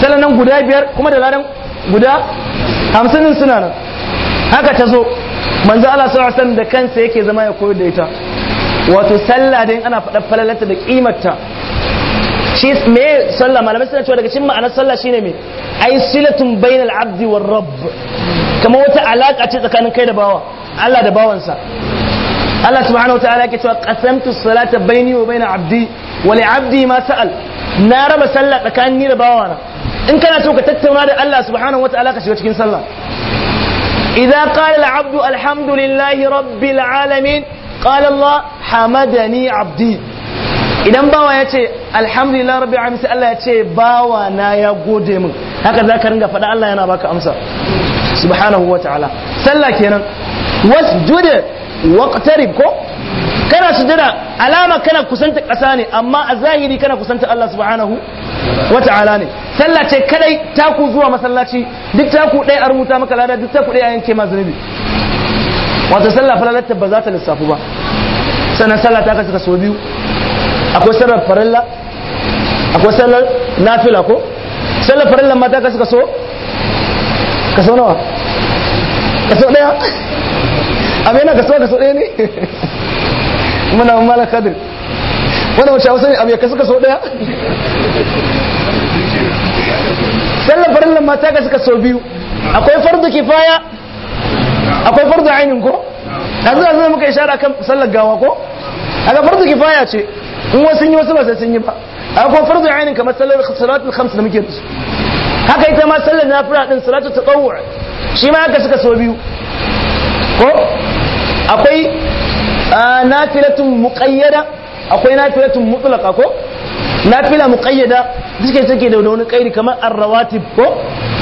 A: sannan guda biyar kuma da ladan guda hamsin suna nan haka ta zo manzo Allah sallallahu alaihi da kansa yake zama ya koyar da ita wato sallah dai ana faɗa falalarta da kimarta shi me sallah malamai suna cewa daga cikin ma'anar sallah shine me ai silatun bainal abdi war rabb kama wata alaka ce tsakanin kai da bawa Allah da bawansa Allah subhanahu wa ta'ala yake cewa qasamtu salata baini wa baina abdi wa li abdi ma sa'al na raba sallah tsakanin ni da bawana in kana so ka tattauna da Allah subhanahu wa ta'ala ka shiga cikin sallah إذا قال العبد الحمد لله رب العالمين قال الله حمدني عبدي idan bawa ya ce alhamdulillah rabbi alamin Allah ya ce bawa na ya gode min haka zaka ringa faɗa Allah yana baka amsa subhanahu wa ta'ala sallah kenan wasjud waqtarib ko kana jira alama kana kusanta ƙasa ne amma a zahiri kana kusanta Allah subhanahu Wata ala ne sallah ce kadai taku zuwa masallaci duk taku ɗaya a rubuta maka lada duk taku ɗaya a yanke ma zunubi wata sallah falalarta ba za ta lissafu ba sannan sallah ta kasu kaso biyu akwai sallar farilla akwai sallar nafila ko sallar farilla ma ta kasu kaso kaso nawa kaso ɗaya abin yana kaso kaso ɗaya ne (laughs) muna kadir wannan wace hausa ne abu ya kasu kaso daya sallar farillan mata ka suka sau biyu akwai fardu kifaya akwai fardu ainin ko yanzu yanzu muka ishara kan sallar gawa ko aga fardu kifaya ce in wasu yi wasu ba sai sun yi ba akwai fardu ainin kamar sallar salatul khams da muke dusu. haka ita ma sallar nafila din salatu tatawwu shi ma haka suka sau biyu ko akwai ah, nafilatun muqayyada akwai nafilatun mutlaka ko nafila muqayyada suke take da wani kairi kamar arrawatib ko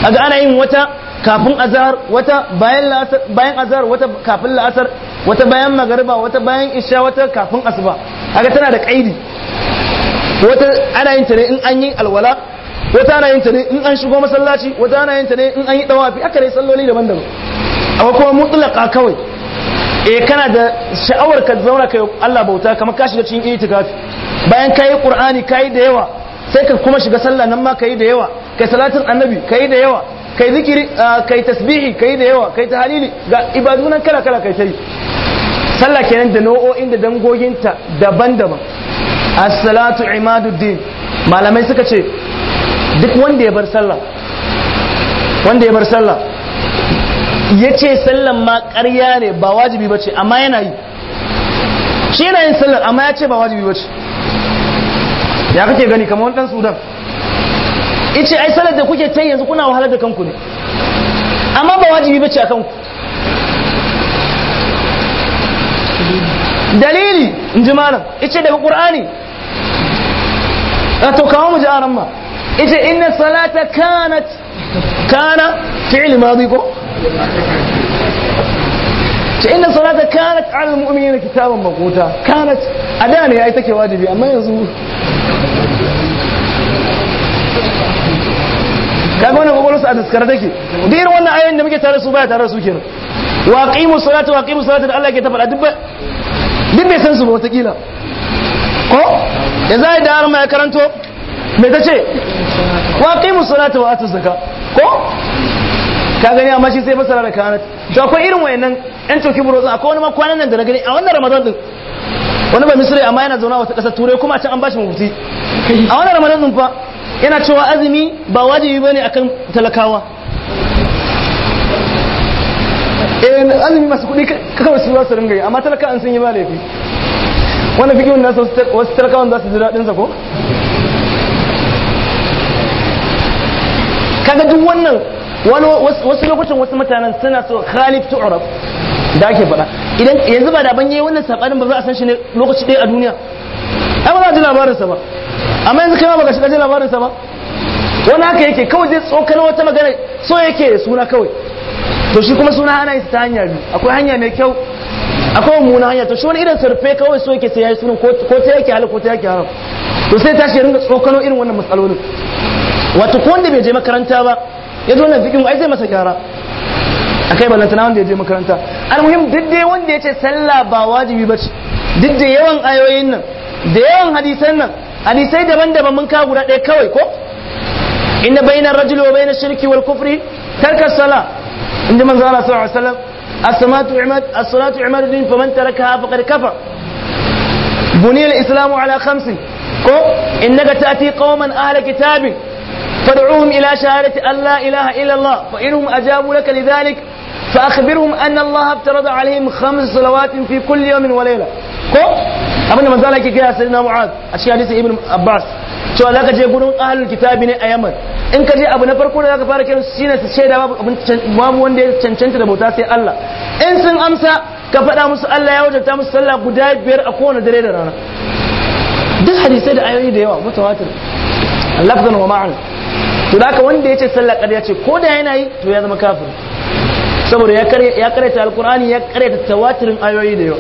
A: aga ana yin wata kafin azhar wata bayan la'asar bayan azhar wata kafin la'asar wata bayan magariba wata bayan isha wata kafin asuba aga tana da kaidi wata ana yin ta ne in an yi alwala wata ana yin ta ne in an shigo masallaci wata ana yin ta ne in an yi dawafi aka dai salloli daban-daban amma kuma mutlaka kawai eh kana da sha'awar ka zauna kai Allah bauta kamar ka shiga cikin itikafi bayan kai qur'ani kai da yawa sai ka kuma shiga sallah nan ma kai da yawa kai salatin annabi kai da yawa kai zikiri kai tasbihi kai da yawa kai tahlili ga ibadu nan kala kala kai tai sallah kenan da nau'o'in da dangoginta daban-daban as-salatu imaduddin malamai suka ce duk wanda ya bar sallah wanda ya bar sallah ya ce sallan ma ƙarya ne ba wajibi ba ce amma yana yi shi yana yin sallan amma ya ce ba wajibi ba ce ya kake gani kamar wani ɗan sudan ice ai sallar da kuke ta yanzu kuna wahalar da kanku ne amma ba wajibi ba ce a kanku dalili in ji malam ice daga ƙur'ani a ah, to kawo mu ji aran ma ce inna salata kanat kana fi'il madi ko ce inda salata kanat ala mu'minin kitaban maquta kanat a da ne yayi take wajibi amma yanzu ga wannan gogoro su a daskara take da irin wannan ayoyin da muke tare su baya tare su kenan wa qimu salata wa qimu salata da Allah ke ta faɗa duk san su ba wata kila ko ya zai da harma ya karanto me ta ce wa qimu salata wa atu zakka ko ka gani amma shi sai fasara da kanat to akwai irin wayannan yan toki buro akwai wani ma nan da na gani a wannan ramadan din wani ba misri amma yana zauna wata kasar turai kuma a can an bashi mafuti a wannan ramadan din fa yana cewa azumi ba wajibi bane akan talakawa eh azumi masu kuɗi kawo su ba su ringa yi amma talaka an sun yi ba laifi wannan fikimin nasu wasu talakawan za su ji daɗinsa ko kaga duk wannan wani wasu lokutan wasu mutanen suna so khalif tu'raf da ake faɗa idan yanzu ba da ban yayi wannan sabanin ba za a san shi ne lokaci ɗaya a duniya ai ba za a ji sa ba amma yanzu kai ma baka shiga ji sa ba wani haka yake kawai zai tsokano wata magana so yake da suna kawai to shi kuma suna ana yi ta hanya biyu akwai hanya mai kyau akwai mummuna hanya to shi wani irin sarfe kawai so yake sai yayi sunan ko ta yake halu ko ta yake haram to sai tashi ya ringa tsokano irin wannan matsalolin wato ko wanda bai je makaranta ba ya zo nan fikin ai zai masa gyara akai balantana wanda ya je makaranta almuhim duk dai wanda ya ce sallah ba wajibi ba ce duk da yawan ayoyin nan da yawan hadisan nan hadisai daban-daban mun ka guda ɗaya kawai ko inna bainar rajuli wa bainar shirki wal kufri tarka sala inda manzo Allah sallallahu alaihi wasallam as-salatu imad as-salatu imaduddin faman tarakaha faqad kafa buniya al-islamu ala khamsin ko innaka ta'ti qauman ahla kitabin فادعوهم إلى شهادة أن لا إله إلا الله فإنهم أجابوا لك لذلك فأخبرهم أن الله افترض عليهم خمس صلوات في كل يوم وليلة ko abin da manzala yake kira sayyidina mu'az a cikin hadisin ibn abbas cewa zaka je gurin ahlul kitabi ne a yaman in ka je abu na farko da zaka fara kiran su shine su shaida wanda ya cancanta da bauta sai Allah in sun amsa ka faɗa musu Allah ya wajabta musu sallah guda biyar a kowane dare da rana duk hadisai da yawa mutawatir lafzan to da wanda ya ce sallah ƙarya ce ko da yana yi to ya zama kafir. saboda ya karyata alkur'ani ya karyata tawatirin ayoyi da yau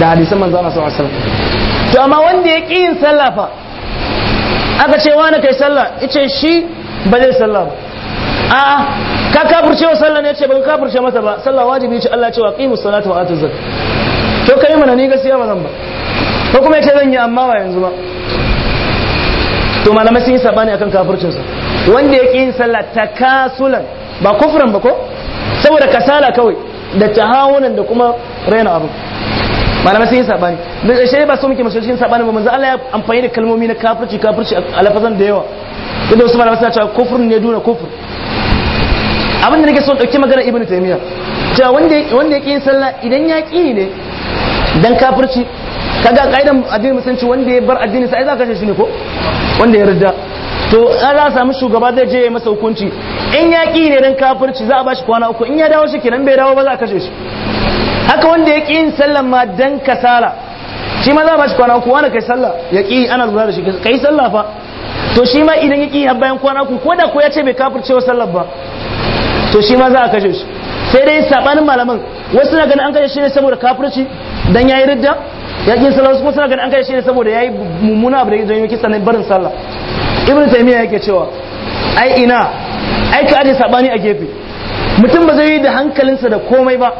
A: da hadisan manzo Allah sallallahu alaihi wasallam to amma wanda ya ƙi yin sallah fa aka ce wani kai sallah yace shi ba zai sallah ba a ka kafirce wa sallah ne ce ban kafirce masa ba sallah wajibi ce Allah ce wa qimu salata wa atu zakat to kai mana ni gaskiya ba zan ba ko kuma yace zan yi amma wa yanzu ba to malamai sun yi sabani akan kafircinsa wanda ya yin sallah takasulan ba kufran ba ko saboda kasala kawai da tahawunan da kuma raina abu malamai sun yi sabani da ƙarshe ba su muke mashashin sabani ba manzo Allah ya amfani da kalmomi na kafirci kafirci a lafazan da yawa yadda wasu malamai suna cewa kufrun ne duna kufur abin da nake so ɗauki magana ibnu taymiya cewa wanda wanda yake yin sallah idan ya ƙi ne dan kafirci kaga kaidan addinin musulunci wanda ya bar addinin sa za ka kashe shi ne ko wanda ya rida to an za samu shugaba zai je masa hukunci in ya ƙi ne dan kafirci za a bashi kwana uku in ya dawo shi kenan bai dawo ba za a kashe shi haka wanda ya ƙi yin sallan ma dan kasala shi ma za a bashi kwana uku wanda kai sallah ya ƙi ana zuwa da shi kai sallah fa to shi ma idan ya ƙi har bayan kwana uku ko da ko ya ce bai kafirce wa sallar ba to shi ma za a kashe shi sai dai sabanin malaman wasu na ganin an kashe shi ne saboda kafirci dan yayi ridda ƙin sallah kuma suna ganin an shi ne saboda ya yi mummuna abu da ya yi kisa na barin sallah ibn taimiyya yake cewa ai ina ai ka aje sabani a gefe mutum ba zai yi da hankalinsa da komai ba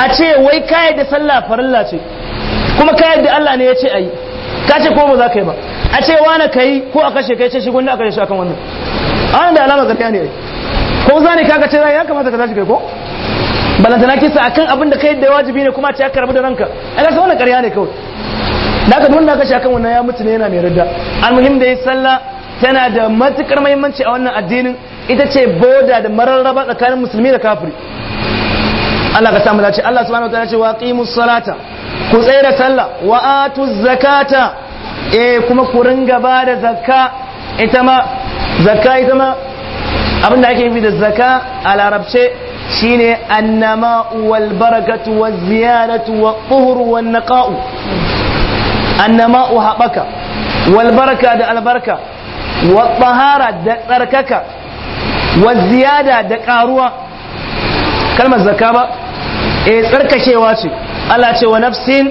A: a ce wai ka da sallah farilla ce kuma ka da Allah ne ya ce ayi ka ce ko ba za ka yi ba a ce wani ka yi ko a kashe ka yi ce shi gwanda aka kashe shi akan wannan wani da alama gaskiya ne ko zani ka ka ce ya kamata ka tashi kai ko balantana kisa akan abin da kai da wajibi ne kuma ta karbi da ranka ka kaga wannan karya ne kawai da aka nuna kashi a kan wannan ya mutu ne yana mai ridda almuhim da ya salla tana da matukar mahimmanci a wannan addinin ita ce boda da mararraba tsakanin musulmi da kafiri Allah ka samu dace Allah subhanahu wataala ce wa qimus salata ku tsaya sallah wa atuz zakata eh kuma ku ringa ba da zakka ita ma zakka ita ma abinda ake yi da zakka a larabce shine annama'u wal barakatu waz ziyaratu wa tuhru wan naqa'u annama'u habaka wal baraka da albarka wa tahara da tsarkaka wa ziyada da karuwa kalmar zakka ba eh tsarkakewa ce Allah ce wa nafsin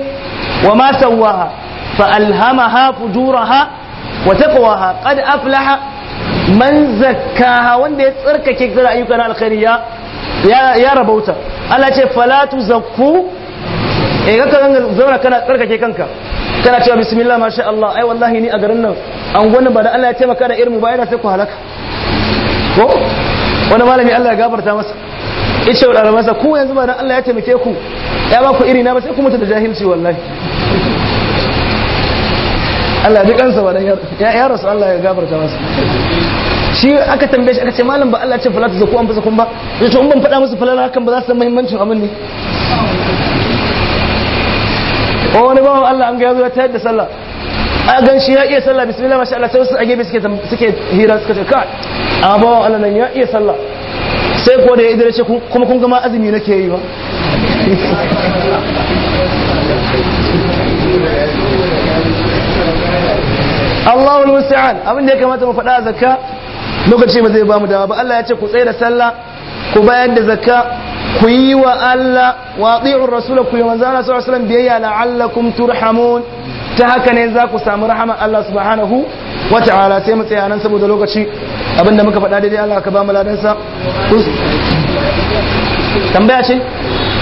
A: wa ma sawaha fa alhamaha fujuraha wa taqwaha qad aflaha man zakkaha wanda ya tsarkake da ayyukan alkhairi ya ya rabauta Allah ce falatu zakku eh ka zauna kana tsarkake kanka kana cewa bismillah masha Allah ai wallahi ni a garin nan an gwani ba da Allah ya taimaka da irin mu bayana sai ku halaka ko wani malami Allah ya gafarta masa ya wa wa masa ku yanzu ba da Allah ya taimake ku ya ba ku irina ba sai ku mutu da jahilci wallahi Allah ya bi kansa ya rasu Allah ya gafarta masa shi aka tambaye shi aka ce malam ba Allah ce falata ta zaku an fasa kun ba ya to in ban faɗa musu falala hakan ba za su san muhimmancin abin ne ko wani ba Allah an ga yazo ta yadda sallah a gan shi ya iya sallah bismillah masha Allah sai wasu a gefe suke suke hira suka ce ka a bawan Allah nan ya iya sallah sai ko da ya idare ce kuma kun ga ma azumi nake yi ba (laughs) Allahul musta'an abin da ya kamata mu faɗa zakka lokaci ba zai ba mu dama ba Allah ya ce ku tsaye da sallah ku bayar da zakka ku yi wa Allah wa ati'ur rasul ku yi manzo Allah sallallahu alaihi wasallam biyayya la'allakum turhamun ta haka ne za ku samu rahama Allah subhanahu wa ta'ala sai mu tsaya nan saboda lokaci abinda muka faɗa daidai Allah ka ba mu ladan sa tambaya ce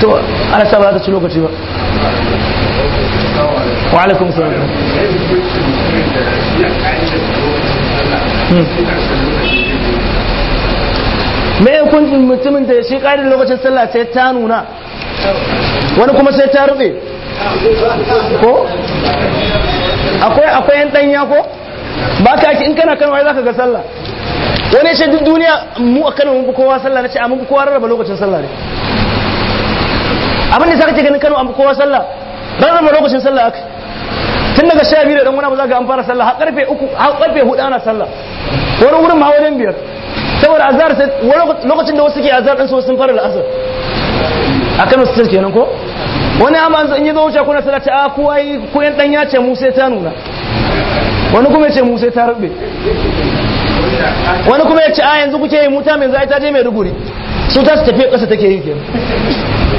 A: to ana sa ba ci lokaci ba
B: wa alaikum salam hmm.
A: me ya kun mutumin da shi ƙarin lokacin sallah sai ta nuna
B: wani kuma sai ta rufe
A: ko akwai akwai yan ɗanya ko ba ka ki in kana kan wai ka ga sallah wani shi duk duniya mu a kano mun kowa sallah ce a mun kowa rarraba lokacin sallah ne abin da saka ce ganin kano a fi kowa sallah rarraba lokacin sallah aka tun daga sha biyu da ɗan wani ba za ka an fara sallah har ƙarfe uku har hudu ana sallah wani wurin ma wajen biyar saboda azhar sai lokacin da wasu ke azhar din so sun fara la'asar a Kano State kenan ko wani amma in yi zo wuce kuna salati a ah, kowa yi koyan yan dan ya ce mu sai ta nuna wani kuma ya ce mu sai ta rube wani kuma ya ce a ah, yanzu kuke yi muta mai zai ta je mai ruguri su ta su tafiya kasa take yi kenan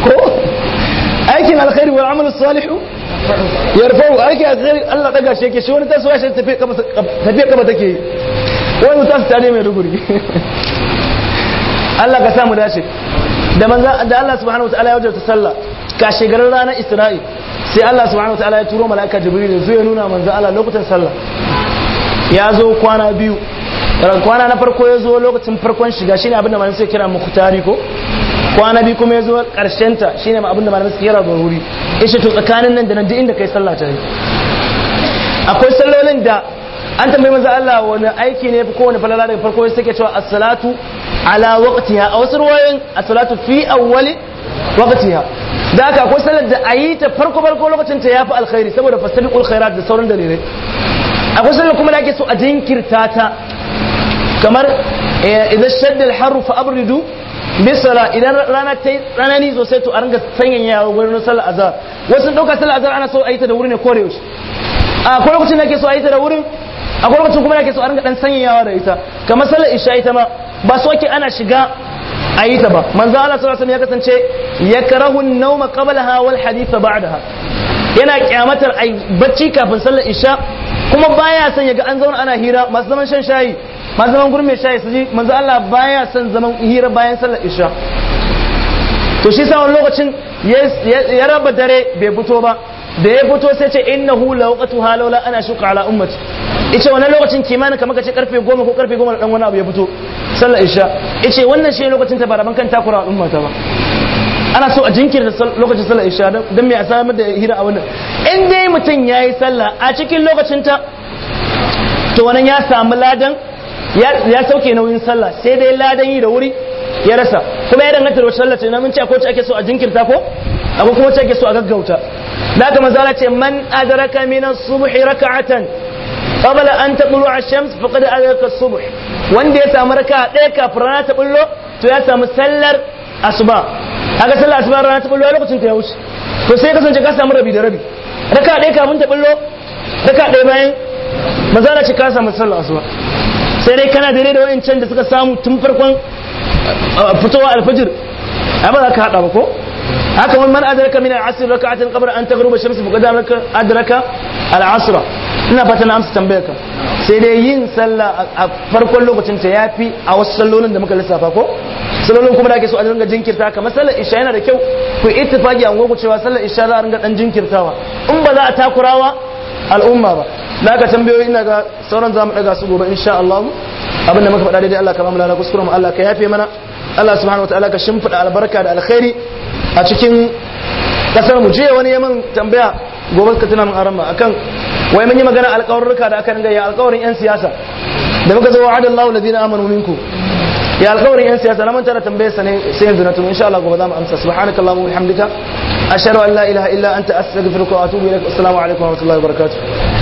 A: ko aikin alkhairi wal amalu salihu yarfa'u aikin alkhairi Allah daga shi yake shi wani tasowa shi tafi kama take yi wani wuta su tare mai ruguri (laughs) Allah ka samu dace da manza da Allah subhanahu ta'ala ya wajabta sallah ka shegarar ranar Isra'i sai Allah subhanahu ta'ala ya turo mala'ika Jibril da ya nuna manzo Allah lokutan sallah ya zo kwana biyu kwana na farko ya zo lokacin farkon shiga shine abinda malamin suke kira tari ko kwana biyu kuma ya zo karshen ta shine abinda malamai suke kira baruri ishe to tsakanin nan da nan duk inda kai sallah ta yi akwai sallolin da an tambayi maza Allah wani aiki ne ko wani falala daga farko sai ke cewa as-salatu ala waqtiha a wasu ruwayoyin as-salatu fi awwali waqtiha da aka ko salar da ayi ta farko farko lokacin ta yafi alkhairi saboda fastabiqul khairat da sauran dalilai akwai salar kuma da ake so a jinkirta ta kamar eh, idan shadda al-harru fa abridu bisala idan rana ta rana ni sosai to a ringa sanyaya wurin sallar azhar wasu dauka sallar azhar ana so a yi ta da wuri ne kore yaushe a ko lokacin da ake so a yi ta da wurin akwai lokacin kuma yake so a ringa dan sanyayawa da ita kamar sallar isha ita ma ba so ake ana shiga a yi ta ba manzo Allah sallallahu alaihi ya kasance yakrahu an-nawma qablaha wal haditha ba'daha yana kyamatar ai bacci kafin sallar isha kuma baya son yaga an zauna ana hira masu zaman shan shayi masu zaman gurin mai shayi su ji manzo Allah baya san zaman hira bayan sallar isha to shi sa wani lokacin ya raba dare bai fito ba da ya fito sai ce innahu lawqatu halawla ana shuka ala ummati ice wannan lokacin kimanin kamar kace karfe 10 ko karfe 10 dan wani abu ya fito sallar isha ice wannan shi lokacin ta baraban kan takura al'umma ta ba ana so a jinkirta lokacin sallar isha Dan mai a samar da hira a wannan in dai mutum ya yi sallah a cikin lokacin ta to wannan ya samu ladan ya sauke nauyin sallah sai dai ladan yi da wuri ya rasa kuma ya danganta da sallar sallah ce na mun ce akwai ce ake so a jinkirta ko akwai kuma ce ake so a gaggauta da haka manzo ce man adraka minas subhi raka'atan qabla an taqulu ash-shams faqad adraka as-subh wanda ya samu raka ɗaya kafin rana ta to ya samu sallar asuba aga sallar asuba rana ta bullo lokacin ta ya wuce to sai kasance ka samu rabi da rabi raka ɗaya kafin ta bullo raka ɗaya bayan maza na ce ka samu sallar asuba sai dai kana daidai da wancan da suka samu tun farkon fitowa alfajir ai ba za ka hada ba ko haka wani man adraka min al-asr raka'atan qabla an taghruba shams fa qad adraka al-asr ina fata na amsa tambayar ka sai dai yin sallah a farkon lokacin ta yafi a wasu sallolin da muka lissafa ko sallolin kuma da ake so a dinga jinkirta kamar sallar isha yana da kyau ku ittifaqi an gogo cewa sallar isha za a dinga dan jinkirtawa in ba za a takurawa al'umma ba da aka tambayoyi ina ga sauran za mu daga su gobe insha Allah abinda muka faɗa daidai Allah ka ba mu lalaka. kuskuren Allah ka yafe mana Allah subhanahu wataala ka shimfida albarka da alkhairi a cikin kasar mu je wani yamin tambaya gobe ka tuna mun arama akan wai mun yi magana alƙawarruka da aka dinga ya alƙawarin yan siyasa da muka zo wa'ada Allahu alladhina amanu minkum ya alƙawarin yan siyasa na mun da tambayar sa ne sai yanzu na tuno insha Allah gobe za mu amsa subhanakallahumma wa bihamdika ashhadu an la ilaha illa anta astaghfiruka wa atubu ilaik assalamu alaikum wa rahmatullahi wa barakatuh